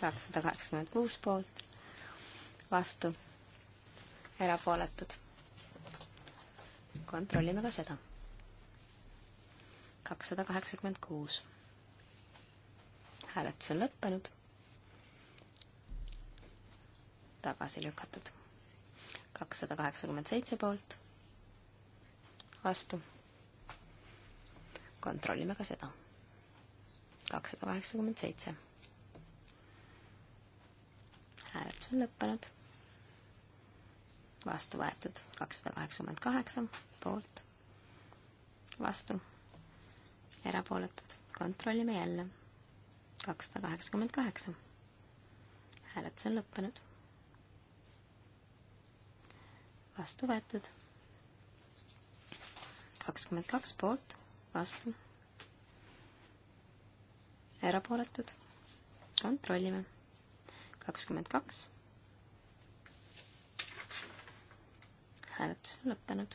kakssada kaheksakümmend kuus poolt, vastu, erapooletud kontrollime ka seda. kakssada kaheksakümmend kuus. hääletus on lõppenud. tagasi lükatud. kakssada kaheksakümmend seitse poolt. vastu. kontrollime ka seda. kakssada kaheksakümmend seitse. hääletus on lõppenud vastu võetud kakssada kaheksakümmend kaheksa poolt, vastu, erapooletud, kontrollime jälle, kakssada kaheksakümmend kaheksa. hääletus on lõppenud. vastu võetud kakskümmend kaks poolt, vastu, erapooletud, kontrollime, kakskümmend kaks hääletus on lõppenud.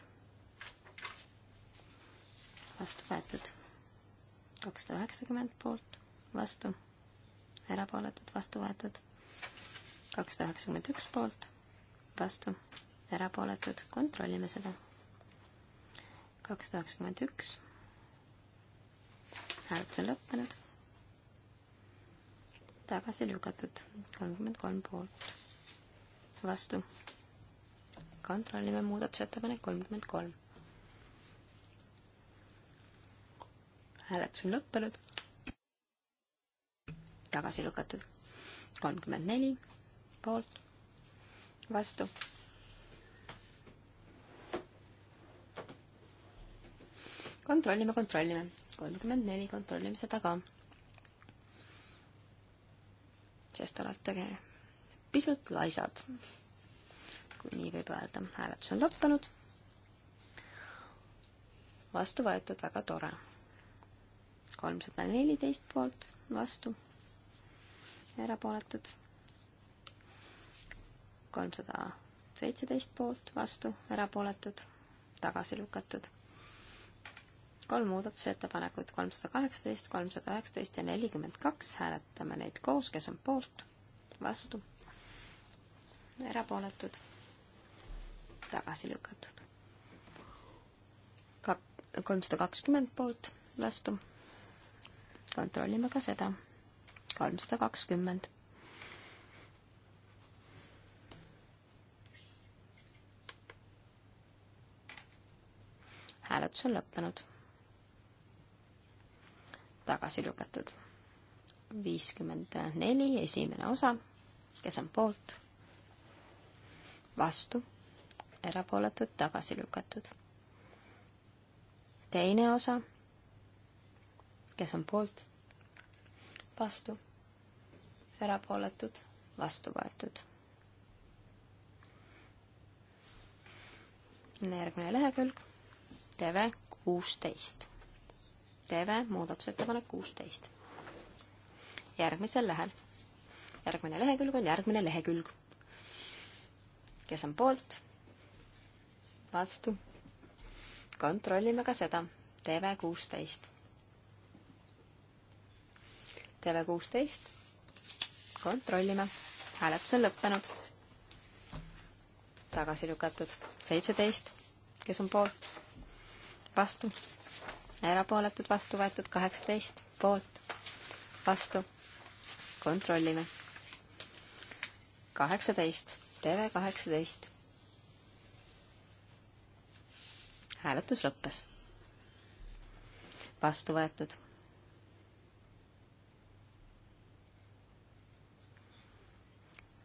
vastu võetud kakssada üheksakümmend poolt, vastu, erapooletud, vastu võetud kakssada üheksakümmend üks poolt, vastu, erapooletud, kontrollime seda. kakssada üheksakümmend üks, hääletus on lõppenud, tagasi lükatud, kolmkümmend kolm poolt, vastu kontrollime muudatusettepanek kolmkümmend kolm. hääletus on lõppenud. tagasi lükatud. kolmkümmend neli poolt, vastu. kontrollime, kontrollime. kolmkümmend neli, kontrollime seda ka. sest olete pisut laisad kui nii võib öelda. hääletus on lõppenud. vastu võetud, väga tore. kolmsada neliteist poolt, vastu, erapooletud. kolmsada seitseteist poolt, vastu, erapooletud, tagasi lükatud kolm muudatusettepanekut, kolmsada kaheksateist, kolmsada üheksateist ja nelikümmend kaks, hääletame neid koos, kes on poolt, vastu, erapooletud, tagasi lükatud. Kak-, kolmsada kakskümmend poolt vastu. kontrollime ka seda. kolmsada kakskümmend. hääletus on lõppenud. tagasi lükatud. viiskümmend neli, esimene osa, kes on poolt, vastu, erapooletud, tagasi lükatud. teine osa, kes on poolt, vastu, erapooletud, vastu võetud. järgmine lehekülg, TV kuusteist. TV muudatusettepanek kuusteist. järgmisel lähel. järgmine lehekülg on järgmine lehekülg. kes on poolt, vastu. kontrollime ka seda. TV16. TV16. kontrollime. hääletus on lõppenud. tagasi lükatud. seitseteist, kes on poolt? vastu. erapooletud, vastu võetud. kaheksateist, poolt. vastu. kontrollime. kaheksateist, TV kaheksateist hääletus lõppes. vastu võetud.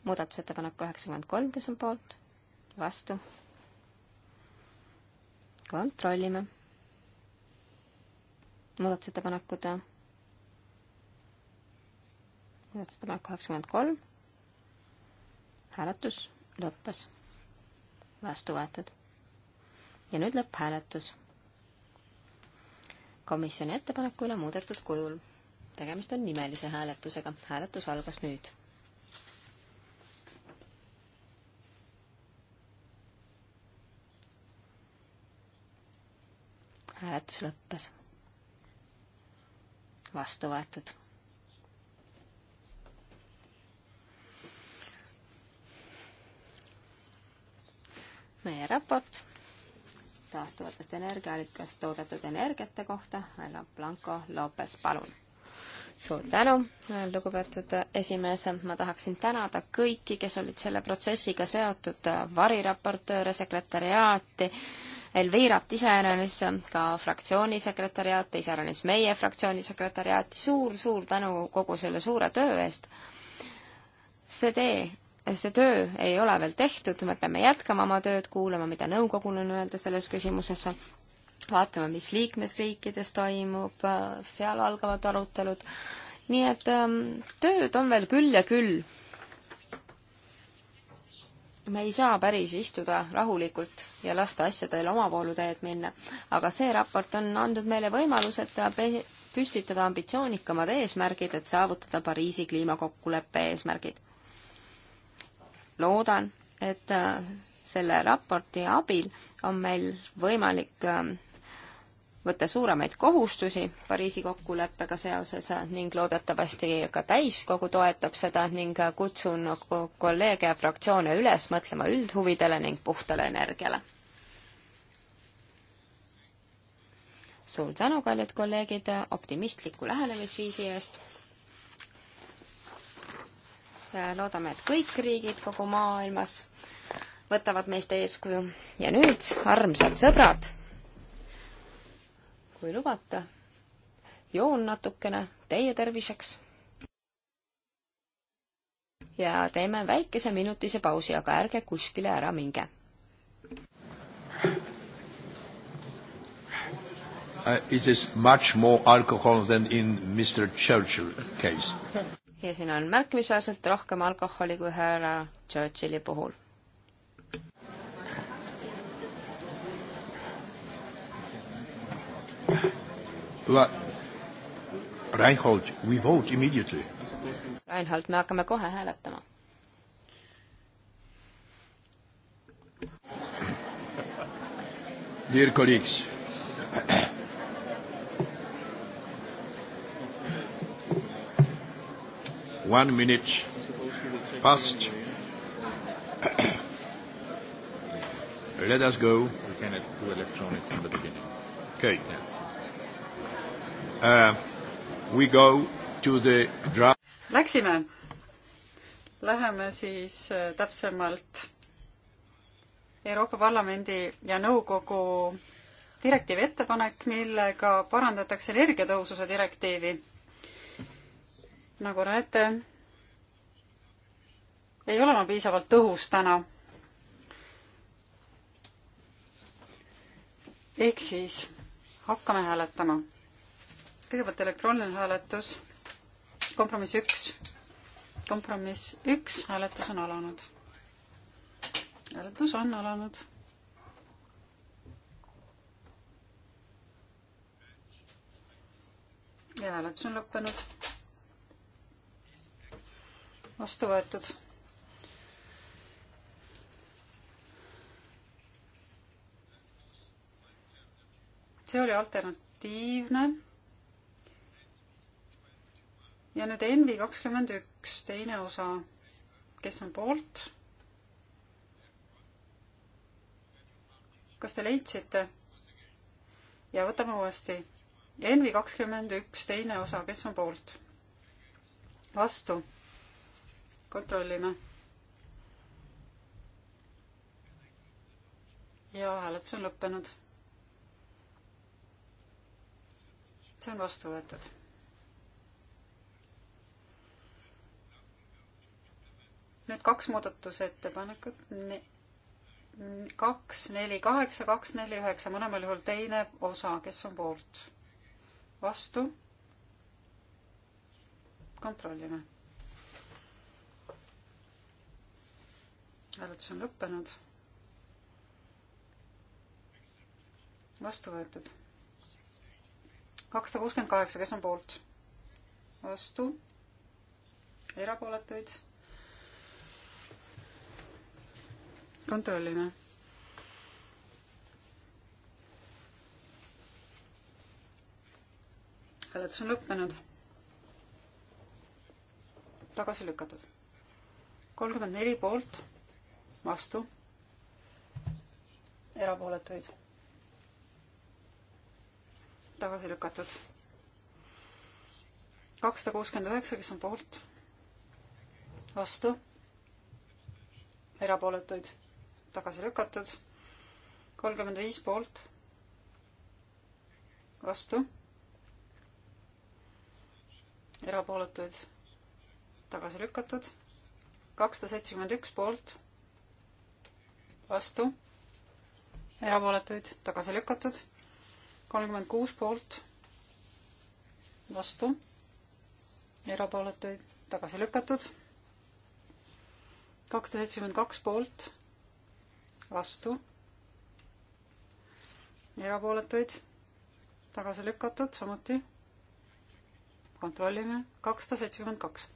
muudatusettepanek kaheksakümmend kolm, kes on poolt, vastu. kontrollime. muudatusettepanekud. muudatusettepanek kaheksakümmend kolm. hääletus lõppes. vastu võetud ja nüüd lõpphääletus komisjoni ettepaneku üle muudetud kujul. tegemist on nimelise hääletusega. hääletus algas nüüd. hääletus lõppes. vastu võetud. meie raport taastuvatest energiaallikast toodetud energiate kohta. härra Blanco Lopes, palun. suur tänu, lugupeetud esimees, ma tahaksin tänada kõiki, kes olid selle protsessiga seotud, variraportööre, sekretäriaati, Elvirat iseäranis, ka fraktsiooni sekretäriaati, iseäranis meie fraktsiooni sekretäriaati suur,, suur-suur tänu kogu selle suure töö eest. see tee see töö ei ole veel tehtud, me peame jätkama oma tööd, kuulama, mida nõukogul on öelda selles küsimuses, vaatame, mis liikmesriikides toimub, seal algavad arutelud, nii et ähm, tööd on veel küll ja küll. me ei saa päris istuda rahulikult ja lasta asjadel omavoolu teed minna, aga see raport on andnud meile võimaluse, et püstitada ambitsioonikamad eesmärgid, et saavutada Pariisi kliimakokkuleppe eesmärgid loodan, et äh, selle raporti abil on meil võimalik äh, võtta suuremaid kohustusi Pariisi kokkuleppega seoses ning loodetavasti ka täiskogu toetab seda ning kutsun kolleege ja fraktsioone üles mõtlema üldhuvidele ning puhtale energiale. suur tänu, kallid kolleegid, optimistliku lähenemisviisi eest Äh, loodame, et kõik riigid kogu maailmas võtavad meist eeskuju. ja nüüd, armsad sõbrad, kui lubate, joon natukene teie terviseks. ja teeme väikese minutise pausi, aga ärge kuskile ära minge. Uh, it is much more alcohol than in Mr. Churchill case ja siin on märkimisväärselt rohkem alkoholi kui härra Churchilli puhul. Reinhold, we vote immediately. Reinhold, me hakkame kohe hääletama. Dear colleagues one minute past. Let us go. We cannot do electronic from the beginning. Okay. Yeah. Uh, we go to the draft. Läksime. Läheme siis äh, täpsemalt Euroopa Parlamendi ja nõukogu direktiivi ettepanek, millega parandatakse energiatõhususe direktiivi nagu näete, ei ole ma piisavalt tõhus täna. ehk siis hakkame hääletama. kõigepealt elektrooniline hääletus, kompromiss üks, kompromiss üks, hääletus on alanud. hääletus on alanud ja hääletus on lõppenud vastu võetud. see oli alternatiivne. ja nüüd Envi kakskümmend üks, teine osa. kes on poolt? kas te leidsite? ja võtame uuesti. Envi kakskümmend üks, teine osa, kes on poolt? vastu kontrollime. ja hääletus on lõppenud. see on vastu võetud. nüüd kaks muudatusettepanekut ne,, kaks, neli, kaheksa, kaks, neli, üheksa, mõlemal juhul teine osa, kes on poolt? vastu? kontrollime hääletus on lõppenud. vastu võetud. kakssada kuuskümmend kaheksa, kes on poolt? vastu. erapooletuid. kontrollime hääletus on lõppenud. tagasi lükatud. kolmkümmend neli poolt, vastu, erapooletuid, tagasi lükatud. kakssada kuuskümmend üheksa, kes on poolt, vastu, erapooletuid, tagasi lükatud, kolmkümmend viis poolt, vastu erapooletuid tagasi lükatud, kakssada seitsekümmend üks poolt vastu, erapooletuid tagasi lükatud, kolmkümmend kuus poolt, vastu, erapooletuid tagasi lükatud, kakssada seitsekümmend kaks poolt, vastu, erapooletuid tagasi lükatud samuti, kontrollime, kakssada seitsekümmend kaks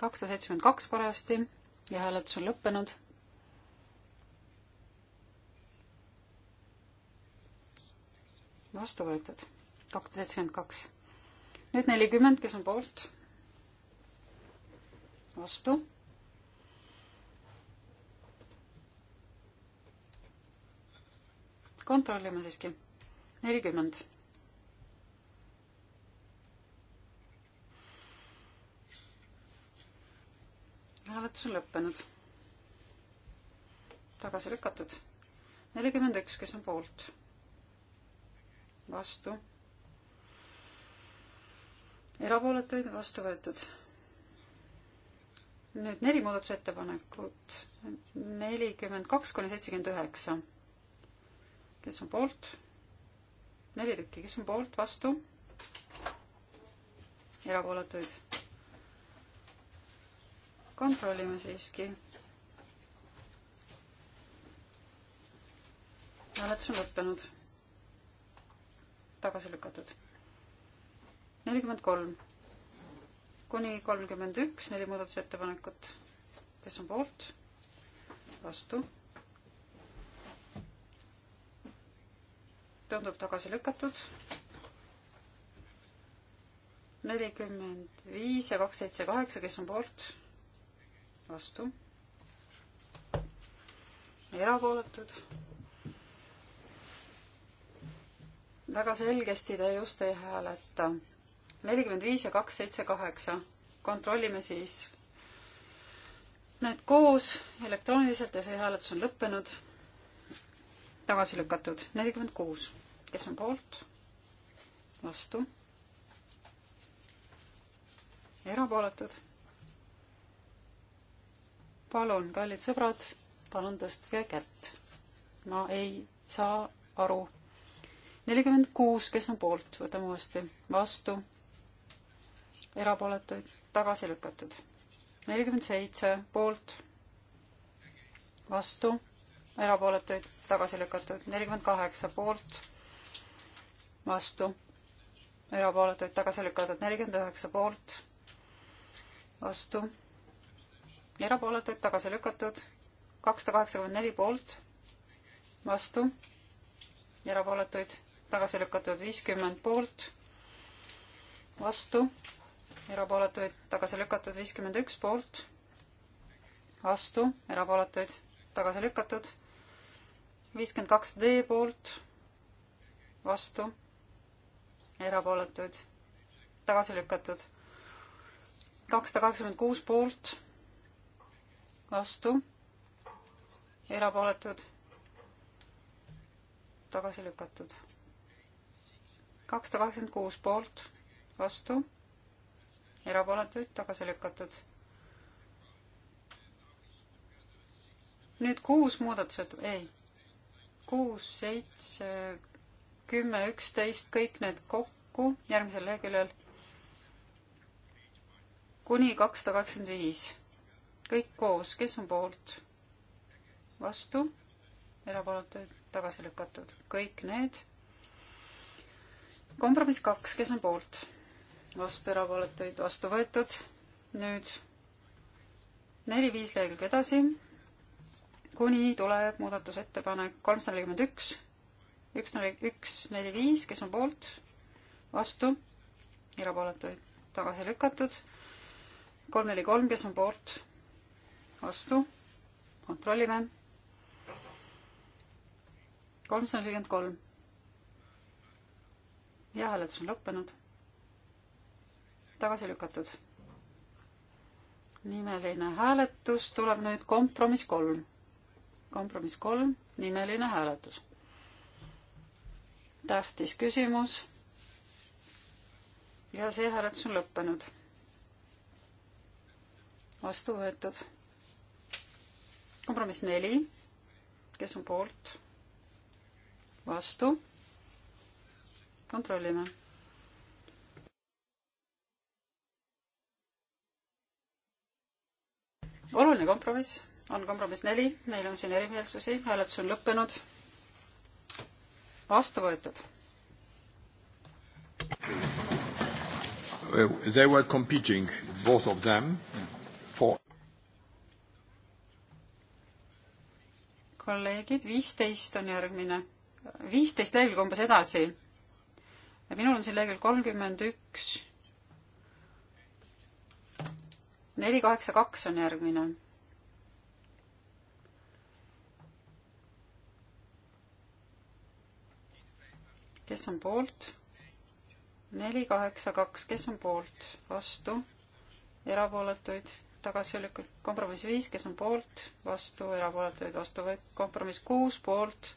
kakssada seitsekümmend kaks parajasti ja hääletus on lõppenud. vastu võetud kakssada seitsekümmend kaks. nüüd nelikümmend, kes on poolt? vastu. kontrollime siiski. nelikümmend hääletus on lõppenud. tagasi lükatud. nelikümmend üks, kes on poolt? vastu. erapooletuid vastu võetud. nüüd neli muudatusettepanekut, nelikümmend kaks kuni seitsekümmend üheksa. kes on poolt? neli tükki, kes on poolt, vastu? erapooletuid kontrollime siiski. hääletus on lõppenud. tagasi lükatud. nelikümmend kolm kuni kolmkümmend üks, neli muudatusettepanekut. kes on poolt? vastu? tundub tagasi lükatud. nelikümmend viis ja kaks, seitse, kaheksa, kes on poolt? vastu, erapooletud. väga selgesti te just ei hääleta. nelikümmend viis ja kaks, seitse, kaheksa. kontrollime siis need koos elektrooniliselt ja see hääletus on lõppenud. tagasi lükatud nelikümmend kuus, kes on poolt, vastu, erapooletud palun, kallid sõbrad, palun tõstke kätt. ma ei saa aru. nelikümmend kuus, kes on poolt, võtame uuesti, vastu, erapooletuid, tagasi lükatud. nelikümmend seitse poolt, vastu, erapooletuid, tagasi lükatud. nelikümmend kaheksa poolt, vastu, erapooletuid, tagasi lükatud. nelikümmend üheksa poolt, vastu erapooletuid tagasi lükatud, kakssada kaheksakümmend neli poolt, vastu, erapooletuid tagasi lükatud, viiskümmend poolt, vastu, erapooletuid tagasi lükatud, viiskümmend üks poolt, vastu, erapooletuid tagasi lükatud, viiskümmend kaks D poolt, vastu, erapooletuid tagasi lükatud kakssada kaheksakümmend kuus poolt, vastu, erapooletud, tagasi lükatud. kakssada kaheksakümmend kuus poolt, vastu, erapooletuid, tagasi lükatud. nüüd kuus muudatused, ei, kuus, seitse, kümme, üksteist, kõik need kokku järgmisel leheküljel kuni kakssada kakskümmend viis kõik koos, kes on poolt? vastu, erapooletuid tagasi lükatud, kõik need. kompromiss kaks, kes on poolt? vastu, erapooletuid vastu võetud. nüüd neli-viis lehekülge edasi, kuni tuleb muudatusettepanek kolmsada nelikümmend üks, üks, üks, neli, viis, kes on poolt, vastu, erapooletuid tagasi lükatud, kolm, neli, kolm, kes on poolt vastu, kontrollime. kolmsada nelikümmend kolm. ja hääletus on lõppenud. tagasi lükatud. nimeline hääletus tuleb nüüd kompromiss kolm. kompromiss kolm, nimeline hääletus. tähtis küsimus. ja see hääletus on lõppenud vastu võetud kompromiss neli, kes on poolt, vastu, kontrollime. oluline kompromiss on kompromiss neli, meil on siin erimeelsusi, hääletus on lõppenud, vastu võetud. They were competing, both of them kolleegid, viisteist on järgmine, viisteist lehekülge umbes edasi. ja minul on siin lehekülg kolmkümmend üks. neli kaheksa kaks on järgmine. kes on poolt? neli kaheksa kaks, kes on poolt, vastu, erapooletuid tagasi lükkab kompromiss viis, kes on poolt, vastu, erapooletuid vastu võetud, kompromiss kuus poolt,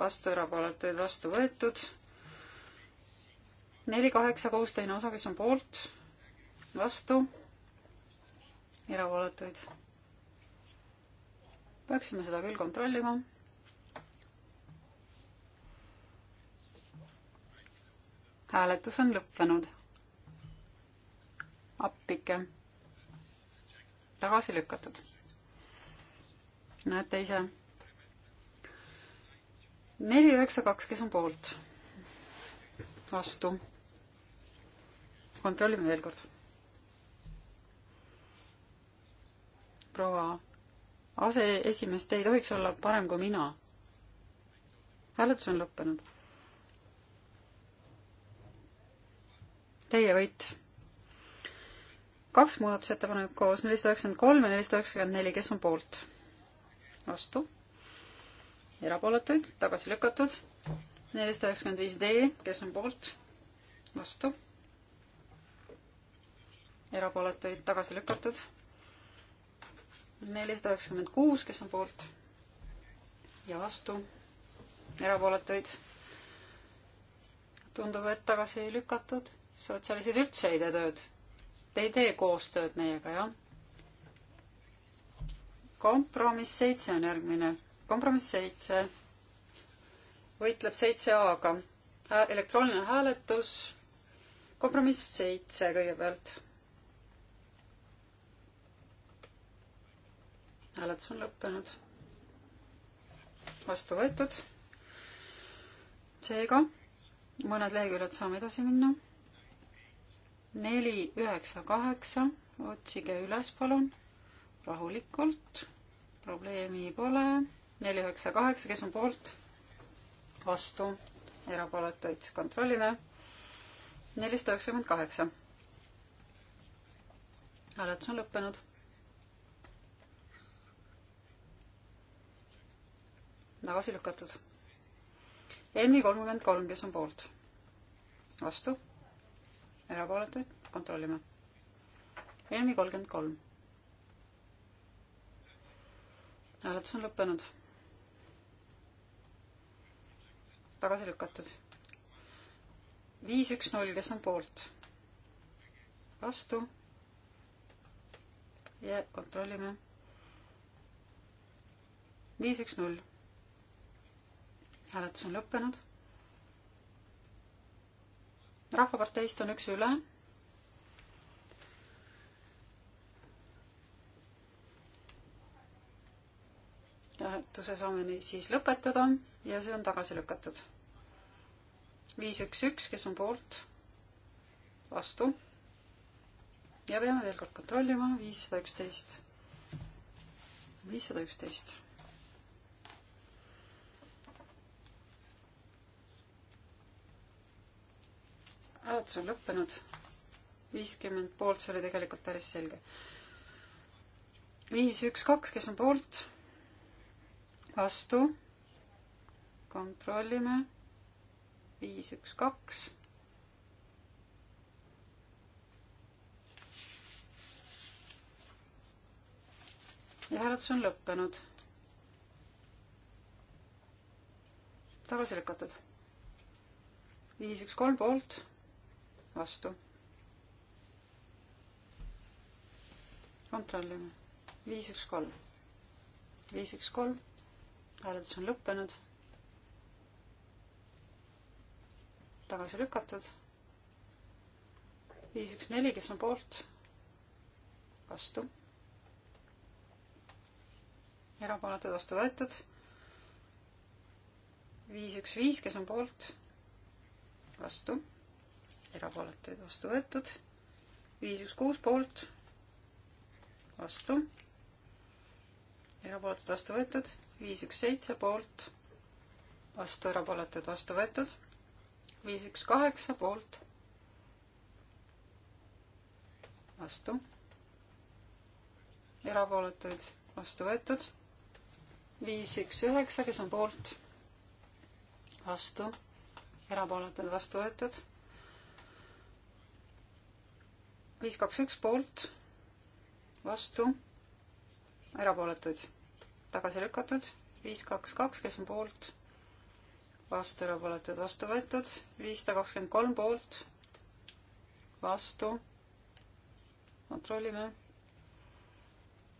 vastu, erapooletuid vastu võetud. neli, kaheksa, kuus teine osa, kes on poolt, vastu, erapooletuid. peaksime seda küll kontrollima. hääletus on lõppenud. appike tagasi lükatud. näete ise. neli, üheksa, kaks, kes on poolt? vastu. kontrollime veel kord. proua aseesimees, te ei tohiks olla parem kui mina. hääletus on lõppenud. Teie võit kaks muudatusettepanekut koos, nelisada üheksakümmend kolm ja nelisada üheksakümmend neli, kes on poolt? vastu. erapooletuid, tagasi lükatud. nelisada üheksakümmend viis D, kes on poolt? vastu. erapooletuid, tagasi lükatud. nelisada üheksakümmend kuus, kes on poolt? ja vastu. erapooletuid. tundub, et tagasi lükatud. sotsialistid üldse ei tee tööd Te ei tee koostööd meiega, jah? kompromiss seitse on järgmine. kompromiss seitse võitleb seitse A-ga. elektrooniline hääletus, kompromiss seitse kõigepealt. hääletus on lõppenud. vastu võetud. seega mõned leheküljed saame edasi minna neli, üheksa, kaheksa, otsige üles, palun, rahulikult, probleemi pole, neli, üheksa, kaheksa, kes on poolt, vastu, erapooletuid kontrollime, nelisada üheksakümmend kaheksa. hääletus on lõppenud. tagasi lükatud. ENMi kolmkümmend kolm, kes on poolt, vastu erapooletuid, kontrollime. EM-i kolmkümmend kolm. hääletus on lõppenud. tagasi lükatud. viis, üks, null, kes on poolt? vastu. ja kontrollime. viis, üks, null. hääletus on lõppenud rahvaparteist on üks üle. hääletuse saame siis lõpetada ja see on tagasi lükatud. viis, üks, üks, kes on poolt, vastu. ja peame veel kord kontrollima, viissada üksteist. viissada üksteist hääletus on lõppenud. viiskümmend poolt, see oli tegelikult päris selge. viis, üks, kaks, kes on poolt? vastu. kontrollime. viis, üks, kaks. ja hääletus on lõppenud. tagasi lükatud viis, üks, kolm poolt, vastu. kontrollime. viis, üks, kolm. viis, üks, kolm. hääletus on lõppenud. tagasi lükatud. viis, üks, neli, kes on poolt? vastu. erapooletud vastu võetud. viis, üks, viis, kes on poolt? vastu erapooletuid vastu võetud. viis, üks, kuus poolt, vastu, erapooletud vastu võetud, viis, üks, seitse poolt, vastu, erapooletud vastu võetud, viis, üks, kaheksa poolt, vastu, erapooletuid vastu võetud, viis, üks, üheksa, kes on poolt, vastu, erapooletud vastu võetud viis, kaks, üks poolt, vastu, erapooletuid, tagasi lükatud, viis, kaks, kaks, kes on poolt, vastu, erapooletud, vastu võetud, viissada kakskümmend kolm poolt, vastu, kontrollime,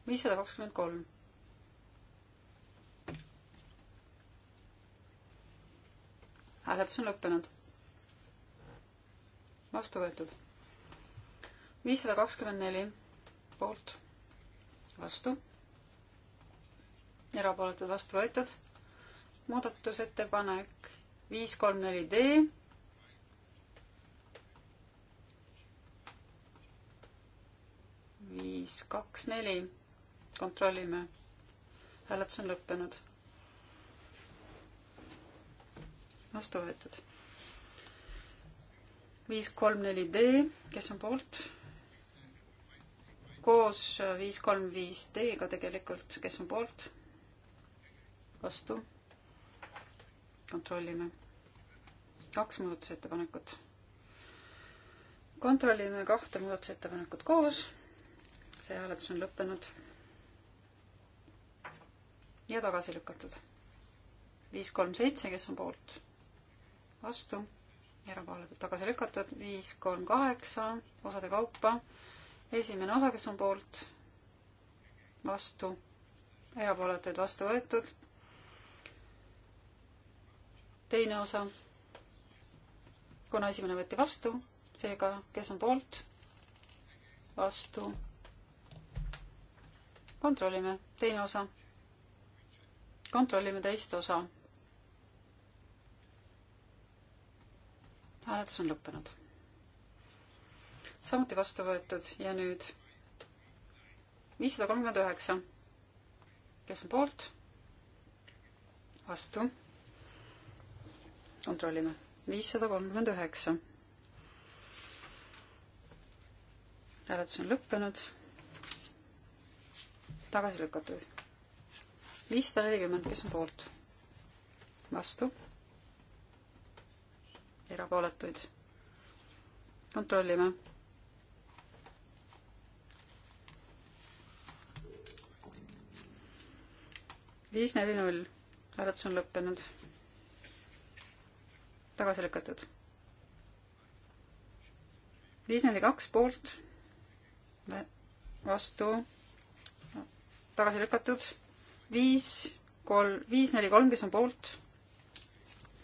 viissada kakskümmend kolm. hääletus on lõppenud. vastu võetud viissada kakskümmend neli poolt, vastu, erapooletud, vastu võetud. muudatusettepanek viis kolm neli D. viis kaks neli, kontrollime. hääletus on lõppenud. vastu võetud. viis kolm neli D, kes on poolt? koos viis, kolm, viis teiega tegelikult, kes on poolt, vastu, kontrollime. kaks muudatusettepanekut. kontrollime kahte muudatusettepanekut koos. see hääletus on lõppenud. ja tagasi lükatud. viis, kolm, seitse, kes on poolt, vastu, erapooletult tagasi lükatud, viis, kolm, kaheksa osade kaupa esimene osa, kes on poolt, vastu, erapooletuid vastu võetud. teine osa, kuna esimene võeti vastu, seega, kes on poolt, vastu, kontrollime, teine osa, kontrollime teist osa. hääletus on lõppenud samuti vastu võetud ja nüüd viissada kolmkümmend üheksa. kes on poolt? vastu. kontrollime. viissada kolmkümmend üheksa. hääletus on lõppenud. tagasi lükatud. viissada nelikümmend, kes on poolt? vastu. erapooletuid. kontrollime viis, neli, null. hääletus on lõppenud. tagasi lükatud. viis, neli, kaks poolt. vastu. tagasi lükatud. viis, kolm, viis, neli, kolm, kes on poolt.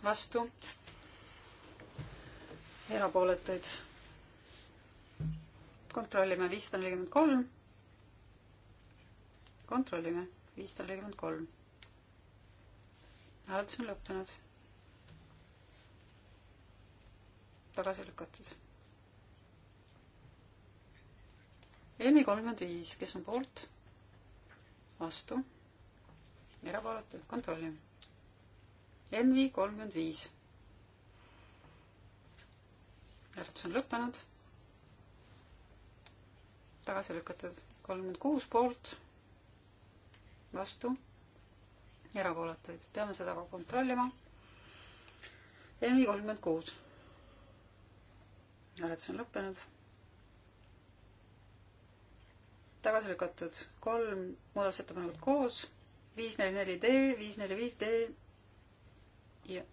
vastu. erapooletuid. kontrollime viissada nelikümmend kolm kontrollime, viissada nelikümmend kolm hääletus on lõppenud. tagasi lükatud. EM-i kolmkümmend viis, kes on poolt? vastu? erapooletud, kontrollime. EM-i kolmkümmend viis. hääletus on lõppenud tagasi lükatud kolmkümmend kuus poolt, vastu, erapooletuid, peame seda ka kontrollima. EM-i kolmkümmend kuus. hääletus on lõppenud. tagasi lükatud kolm muudatusettepanekut koos, viis neli neli D, viis neli viis D ja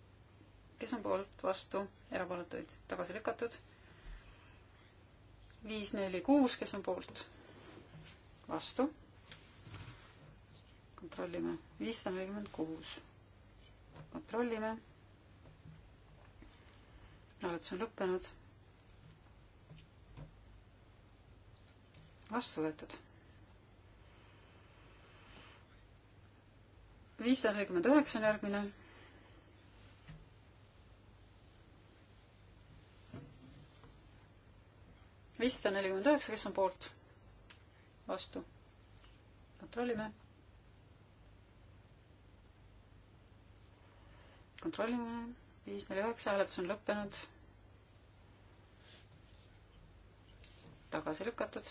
kes on poolt, vastu, erapooletuid, tagasi lükatud. viis neli kuus, kes on poolt, vastu kontrollime, viissada nelikümmend kuus. kontrollime. hääletus on lõppenud. vastu võetud. viissada nelikümmend üheksa on järgmine viissada nelikümmend üheksa, kes on poolt? vastu. kontrollime. kontrollime. viis, neli, üheksa, hääletus on lõppenud. tagasi lükatud.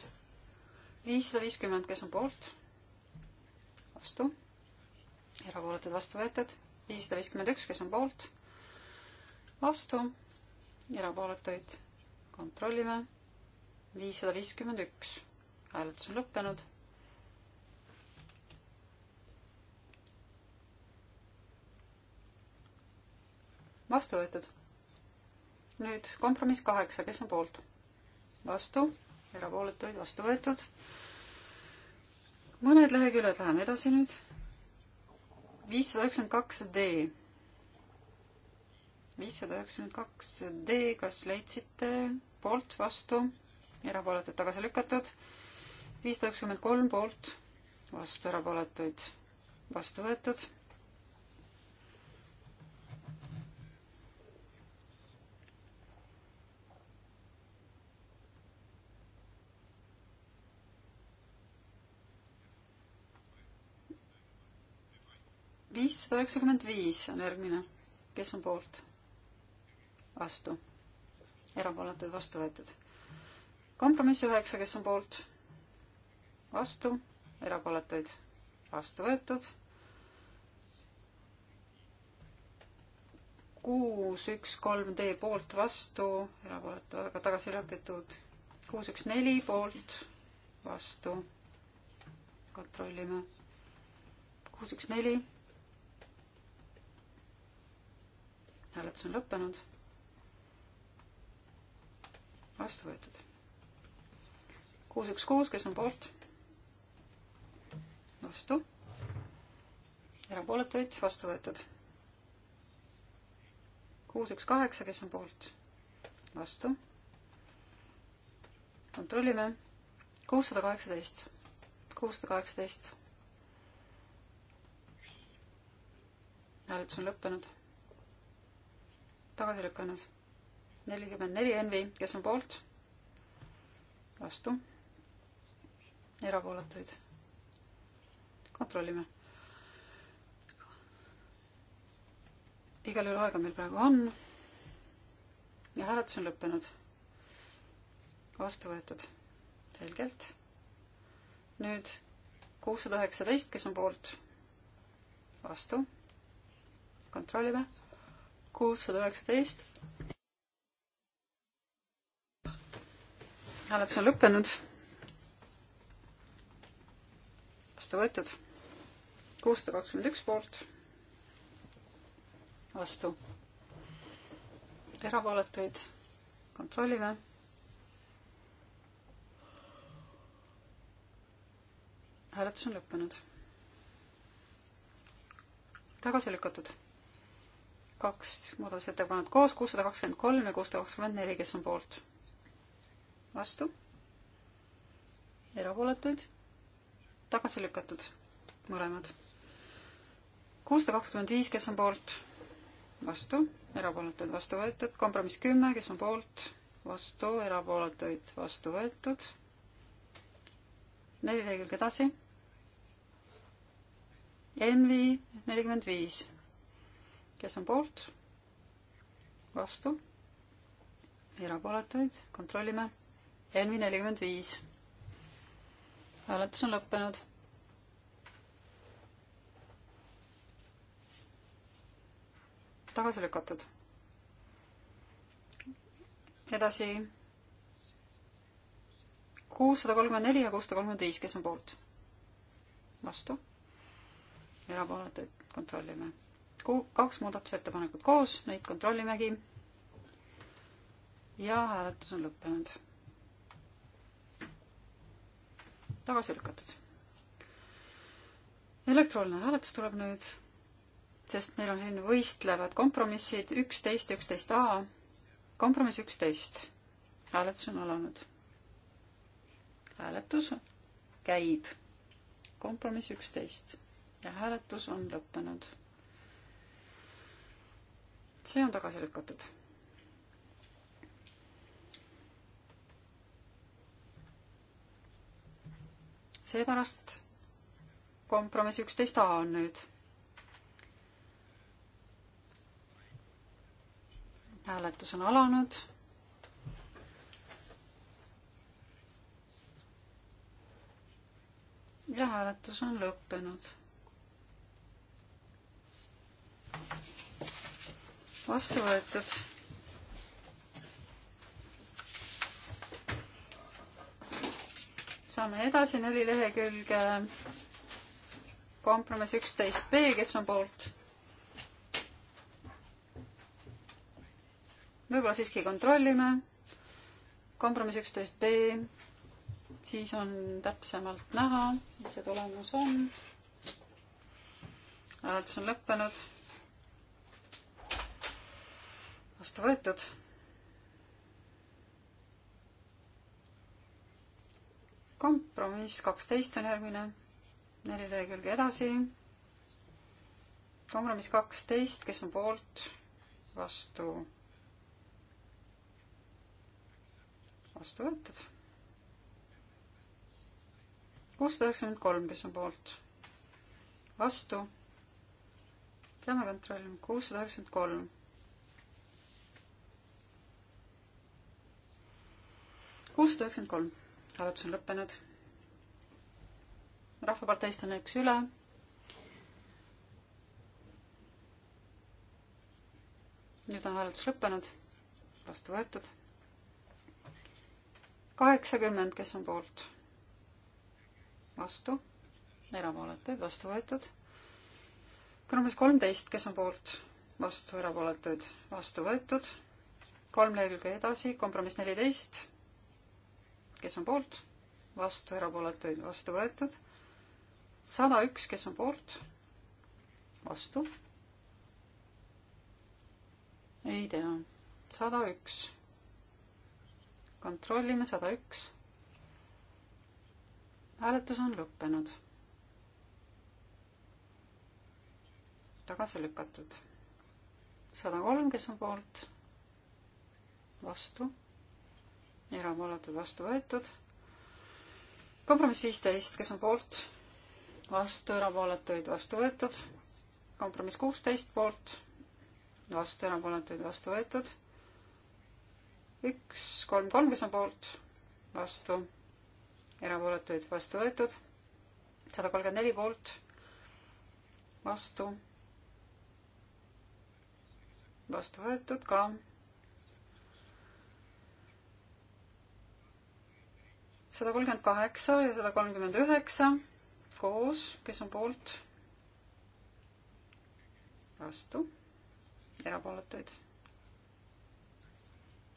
viissada viiskümmend, kes on poolt? vastu. erapooletud, vastu võetud. viissada viiskümmend üks, kes on poolt? vastu. erapooletuid kontrollime. viissada viiskümmend üks. hääletus on lõppenud vastu võetud. nüüd kompromiss kaheksa, kes on poolt? vastu, erapooletuid vastu võetud. mõned leheküljed läheme edasi nüüd. viissada üheksakümmend kaks D. viissada üheksakümmend kaks D, kas leidsite poolt, vastu, erapooletud, tagasi lükatud. viissada üheksakümmend kolm poolt, vastu, erapooletuid vastu võetud viissada üheksakümmend viis on järgmine. kes on poolt? vastu. erapooletud, vastu võetud. kompromiss üheksa, kes on poolt? vastu, erapooletuid vastu võetud. kuus, üks, kolm D poolt vastu, erapooletu, aga tagasi lükatud. kuus, üks, neli poolt vastu. kontrollime. kuus, üks, neli. hääletus on lõppenud. vastu võetud. kuus, üks, kuus, kes on poolt? vastu. erapooletuid, vastu võetud. kuus, üks, kaheksa, kes on poolt? vastu. kontrollime. kuussada kaheksateist, kuussada kaheksateist. hääletus on lõppenud tagasi lükanud. nelikümmend neli Envi, kes on poolt? vastu. erapooletuid. kontrollime. igal juhul aega meil praegu on. ja hääletus on lõppenud. vastu võetud. selgelt. nüüd kuussada üheksateist, kes on poolt? vastu. kontrollime kuussada üheksateist. hääletus on lõppenud. vastu võetud. kuussada kakskümmend üks poolt. vastu. erapooletuid kontrollime hääletus on lõppenud. tagasi lükatud kaks muudatusettepanekut koos, kuussada kakskümmend kolm ja kuussada kakskümmend neli, kes on poolt? vastu? erapooletuid? tagasi lükatud, mõlemad. kuussada kakskümmend viis, kes on poolt? vastu, erapooletuid vastu võetud, kompromiss kümme, kes on poolt? vastu, erapooletuid vastu võetud. neli lehekülge edasi. Envi nelikümmend viis kes on poolt? vastu? erapooletuid, kontrollime. Envi nelikümmend viis. hääletus on lõppenud. tagasi lükatud. edasi. kuussada kolmkümmend neli ja kuussada kolmkümmend viis, kes on poolt? vastu? erapooletuid kontrollime kaks muudatusettepanekut koos, neid kontrollimegi. ja hääletus on lõppenud. tagasi lükatud. elektrooniline hääletus tuleb nüüd, sest meil on siin võistlevad kompromissid üksteist ja üksteist A. kompromiss üksteist. hääletus on alanud. hääletus käib. kompromiss üksteist ja hääletus on lõppenud see on tagasi lükatud. seepärast kompromiss üksteist A on nüüd. hääletus on alanud ja hääletus on lõppenud vastu võetud. saame edasi neli lehekülge. kompromiss üksteist B, kes on poolt? võib-olla siiski kontrollime. kompromiss üksteist B, siis on täpsemalt näha, mis see tulemus on. hääletus on lõppenud vastu võetud. kompromiss kaksteist on järgmine, neli lehekülge edasi. kompromiss kaksteist, kes on poolt, vastu, vastu võetud. kuussada üheksakümmend kolm, kes on poolt, vastu, peame kontrollima, kuussada üheksakümmend kolm kuussada üheksakümmend kolm. hääletus on lõppenud. rahvaparteist on üks üle. nüüd on hääletus lõppenud, vastu võetud. kaheksakümmend, kes on poolt? vastu, erapooletuid, vastu võetud. kõnumbes kolmteist, kes on poolt? vastu, erapooletuid, vastu võetud. kolm lehekülge edasi, kompromiss neliteist kes on poolt, vastu, erapooletuid vastu võetud. sada üks, kes on poolt, vastu. ei tea, sada üks. kontrollime sada üks. hääletus on lõppenud tagasi lükatud. sada kolm, kes on poolt, vastu, erapooletud, vastu võetud. kompromiss viisteist, kes on poolt, vastu, erapooletuid, vastu võetud. kompromiss kuusteist poolt, vastu, erapooletuid, vastu võetud. üks, kolm, kolm, kes on poolt, vastu, erapooletuid, vastu võetud. sada kolmkümmend neli poolt, vastu, vastu võetud ka sada kolmkümmend kaheksa ja sada kolmkümmend üheksa koos, kes on poolt? vastu, erapooletuid,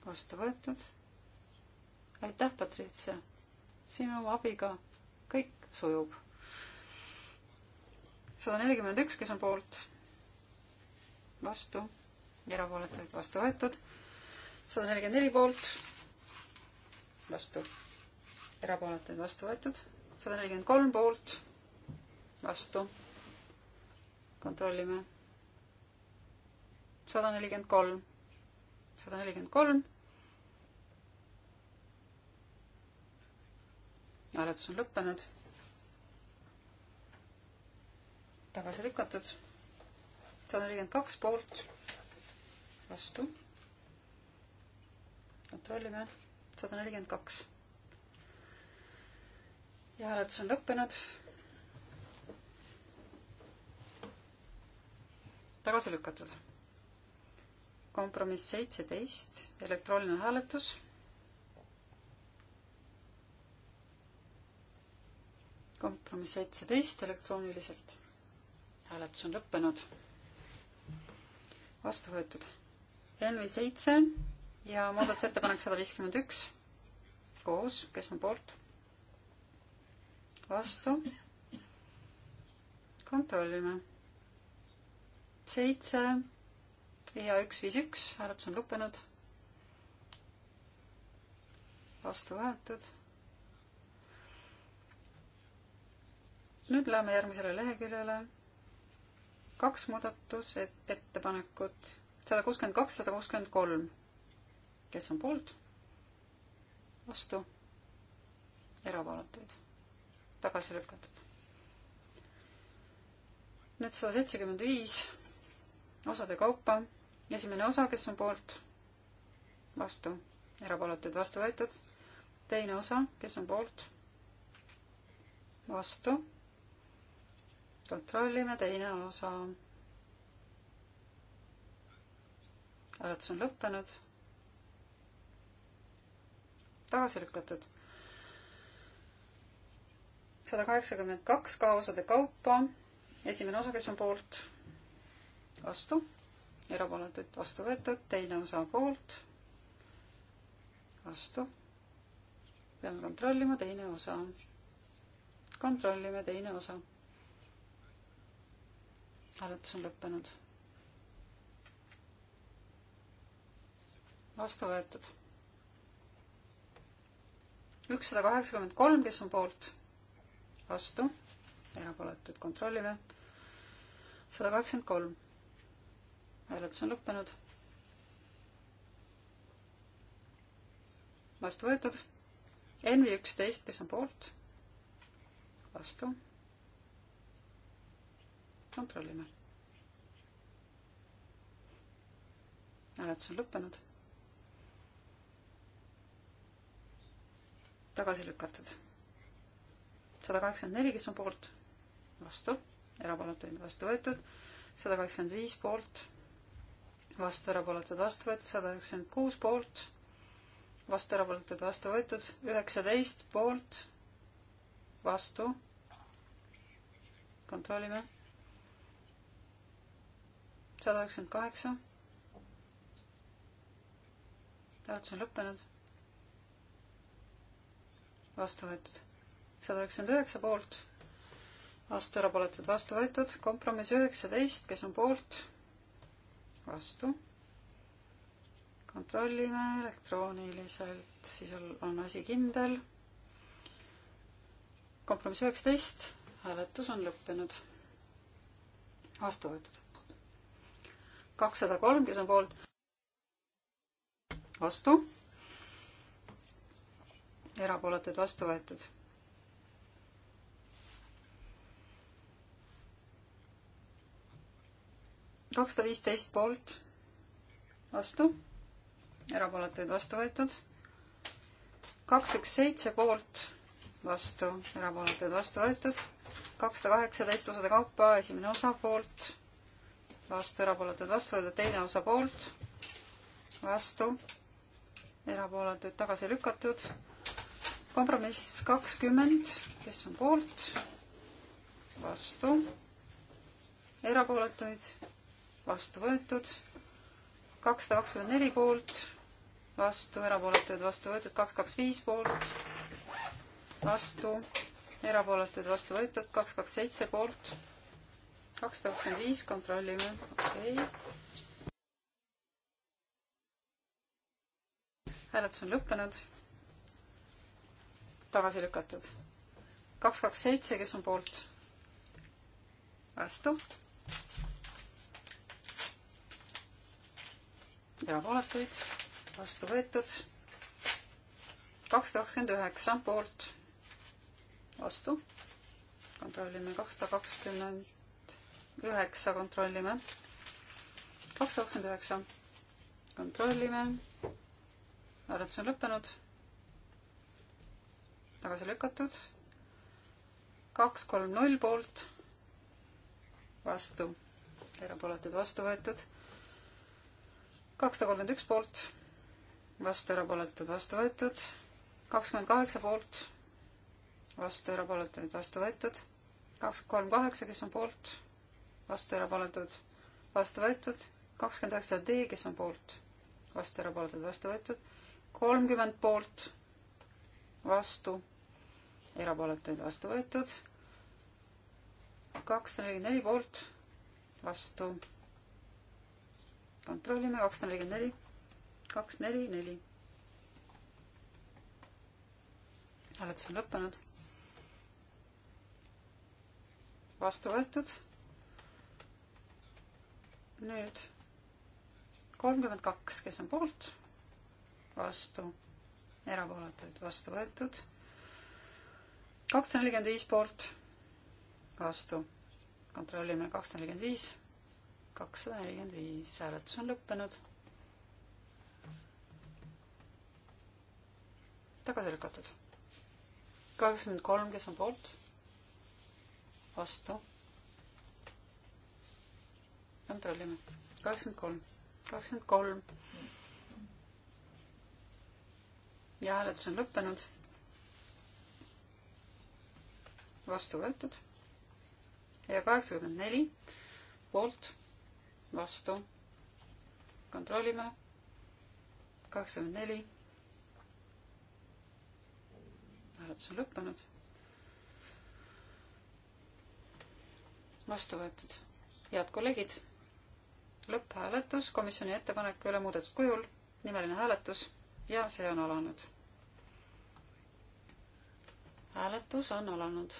vastu võetud. aitäh, Patricia, sinu abiga kõik sujub. sada nelikümmend üks, kes on poolt, vastu, erapooletuid vastu võetud, sada nelikümmend neli poolt, vastu erapooletuid vastu võetud, sada nelikümmend kolm poolt, vastu, kontrollime, sada nelikümmend kolm, sada nelikümmend kolm, hääletus on lõppenud, tagasi lükatud, sada nelikümmend kaks poolt, vastu, kontrollime, sada nelikümmend kaks ja hääletus on lõppenud. tagasi lükatud. kompromiss seitseteist, elektrooniline hääletus. kompromiss seitseteist elektrooniliselt. hääletus on lõppenud. vastu võetud. NV seitse ja muudatusettepanek sada viiskümmend üks koos, kes on poolt vastu. kontrollime. seitse ja üks, viis, üks, hääletus on lõppenud. vastu võetud. nüüd läheme järgmisele leheküljele. kaks muudatusettepanekut, sada kuuskümmend kaks, sada kuuskümmend kolm. kes on poolt? vastu? erapooletuid tagasi lükatud. nüüd sada seitsekümmend viis osade kaupa. esimene osa, kes on poolt, vastu, erapooletud, vastu võetud. teine osa, kes on poolt, vastu. kontrollime teine osa. hääletus on lõppenud. tagasi lükatud sada kaheksakümmend kaks kaosade kaupa. esimene osa, kes on poolt, vastu, erapooletuid vastu võetud, teine osa poolt, vastu. peame kontrollima teine osa. kontrollime teine osa. hääletus on lõppenud. vastu võetud. ükssada kaheksakümmend kolm, kes on poolt vastu, erapooletud kontrollime. sada kakskümmend kolm. hääletus on lõppenud. vastu võetud. NV üksteist, kes on poolt, vastu. kontrollime. hääletus on lõppenud. tagasi lükatud sada kaheksakümmend neli, kes on poolt, vastu, erapooletuid vastu võetud, sada kaheksakümmend viis poolt, vastu, erapooletud, vastu võetud, sada üheksakümmend kuus poolt, vastu, erapooletud, vastu võetud, üheksateist poolt, vastu, kontrollime, sada üheksakümmend kaheksa, hääletus on lõppenud, vastu võetud sada üheksakümmend üheksa poolt, vastu erapooletud, vastu võetud, kompromiss üheksateist, kes on poolt, vastu. kontrollime elektrooniliselt, siis on asi kindel. kompromiss üheksateist, hääletus on lõppenud. vastu võetud. kakssada kolm, kes on poolt, vastu erapooletuid vastu võetud. kakssada viisteist poolt, vastu, erapooletuid vastu võetud. kaks, üks, seitse poolt, vastu, erapooletuid vastu võetud. kakssada kaheksateist osade kaupa, esimene osa poolt, vastu, erapooletuid vastu võetud, teine osa poolt, vastu, erapooletuid tagasi lükatud. kompromiss kakskümmend, kes on poolt, vastu, erapooletuid vastu võetud, kakssada kakskümmend neli poolt, vastu, erapooletuid vastu võetud, kaks, kaks, viis poolt, vastu, erapooletuid vastu võetud, kaks, kaks, seitse poolt, kakssada kakskümmend viis, kontrollime, okei okay.. hääletus on lõppenud, tagasi lükatud. kaks, kaks, seitse, kes on poolt? vastu erapooletuid, vastu võetud. kakssada kakskümmend üheksa poolt, vastu. kontrollime kakssada kakskümmend üheksa, kontrollime. kakssada kakskümmend üheksa, kontrollime. hääletus on lõppenud. tagasi lükatud. kaks, kolm, null poolt, vastu erapooletud vastu võetud kakssada kolmkümmend üks poolt, vastu erapooletud, vastu võetud, kakskümmend kaheksa poolt, vastu erapooletud, vastu võetud, kaks, kolm, kaheksa, kes on poolt, vastu erapooletud, vastu võetud, kakskümmend üheksa D, kes on poolt, vastu erapooletud, vastu võetud, kolmkümmend poolt, vastu, erapooletuid vastu võetud, kakssada nelikümmend neli poolt, vastu kontrollime, kakssada nelikümmend neli, kaks, neli, neli. hääletus on lõppenud. vastu võetud. nüüd kolmkümmend kaks, kes on poolt, vastu, erapooletuid vastu võetud. kakssada nelikümmend viis poolt, vastu, kontrollime kakssada nelikümmend viis kakssada nelikümmend viis, hääletus on lõppenud. tagasi lükatud. kaheksakümmend kolm, kes on poolt? vastu. kontrollime. kaheksakümmend kolm, kaheksakümmend kolm. ja hääletus on lõppenud. vastu võetud. ja kaheksakümmend neli poolt vastu. kontrollime. kakskümmend neli. hääletus on lõppenud. vastu võetud. head kolleegid, lõpphääletus komisjoni ettepaneku üle muudetud kujul, nimeline hääletus ja see on alanud. hääletus on alanud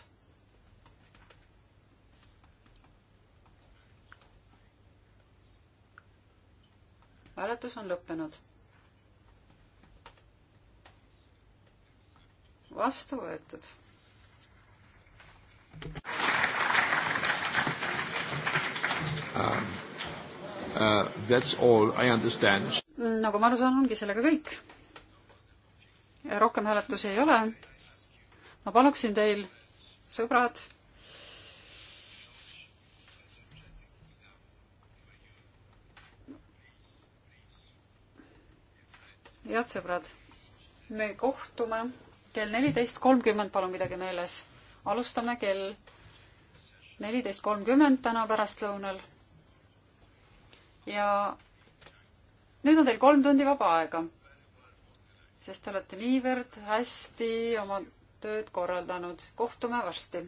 hääletus on lõppenud. vastu võetud. Uh, uh, that's all I understand. Mm, nagu ma aru saan, ongi sellega kõik. rohkem hääletusi ei ole. ma paluksin teil, sõbrad head sõbrad, me kohtume kell neliteist kolmkümmend, palun pidage meeles. alustame kell neliteist kolmkümmend täna pärastlõunal. ja nüüd on teil kolm tundi vaba aega, sest te olete niivõrd hästi oma tööd korraldanud. kohtume varsti.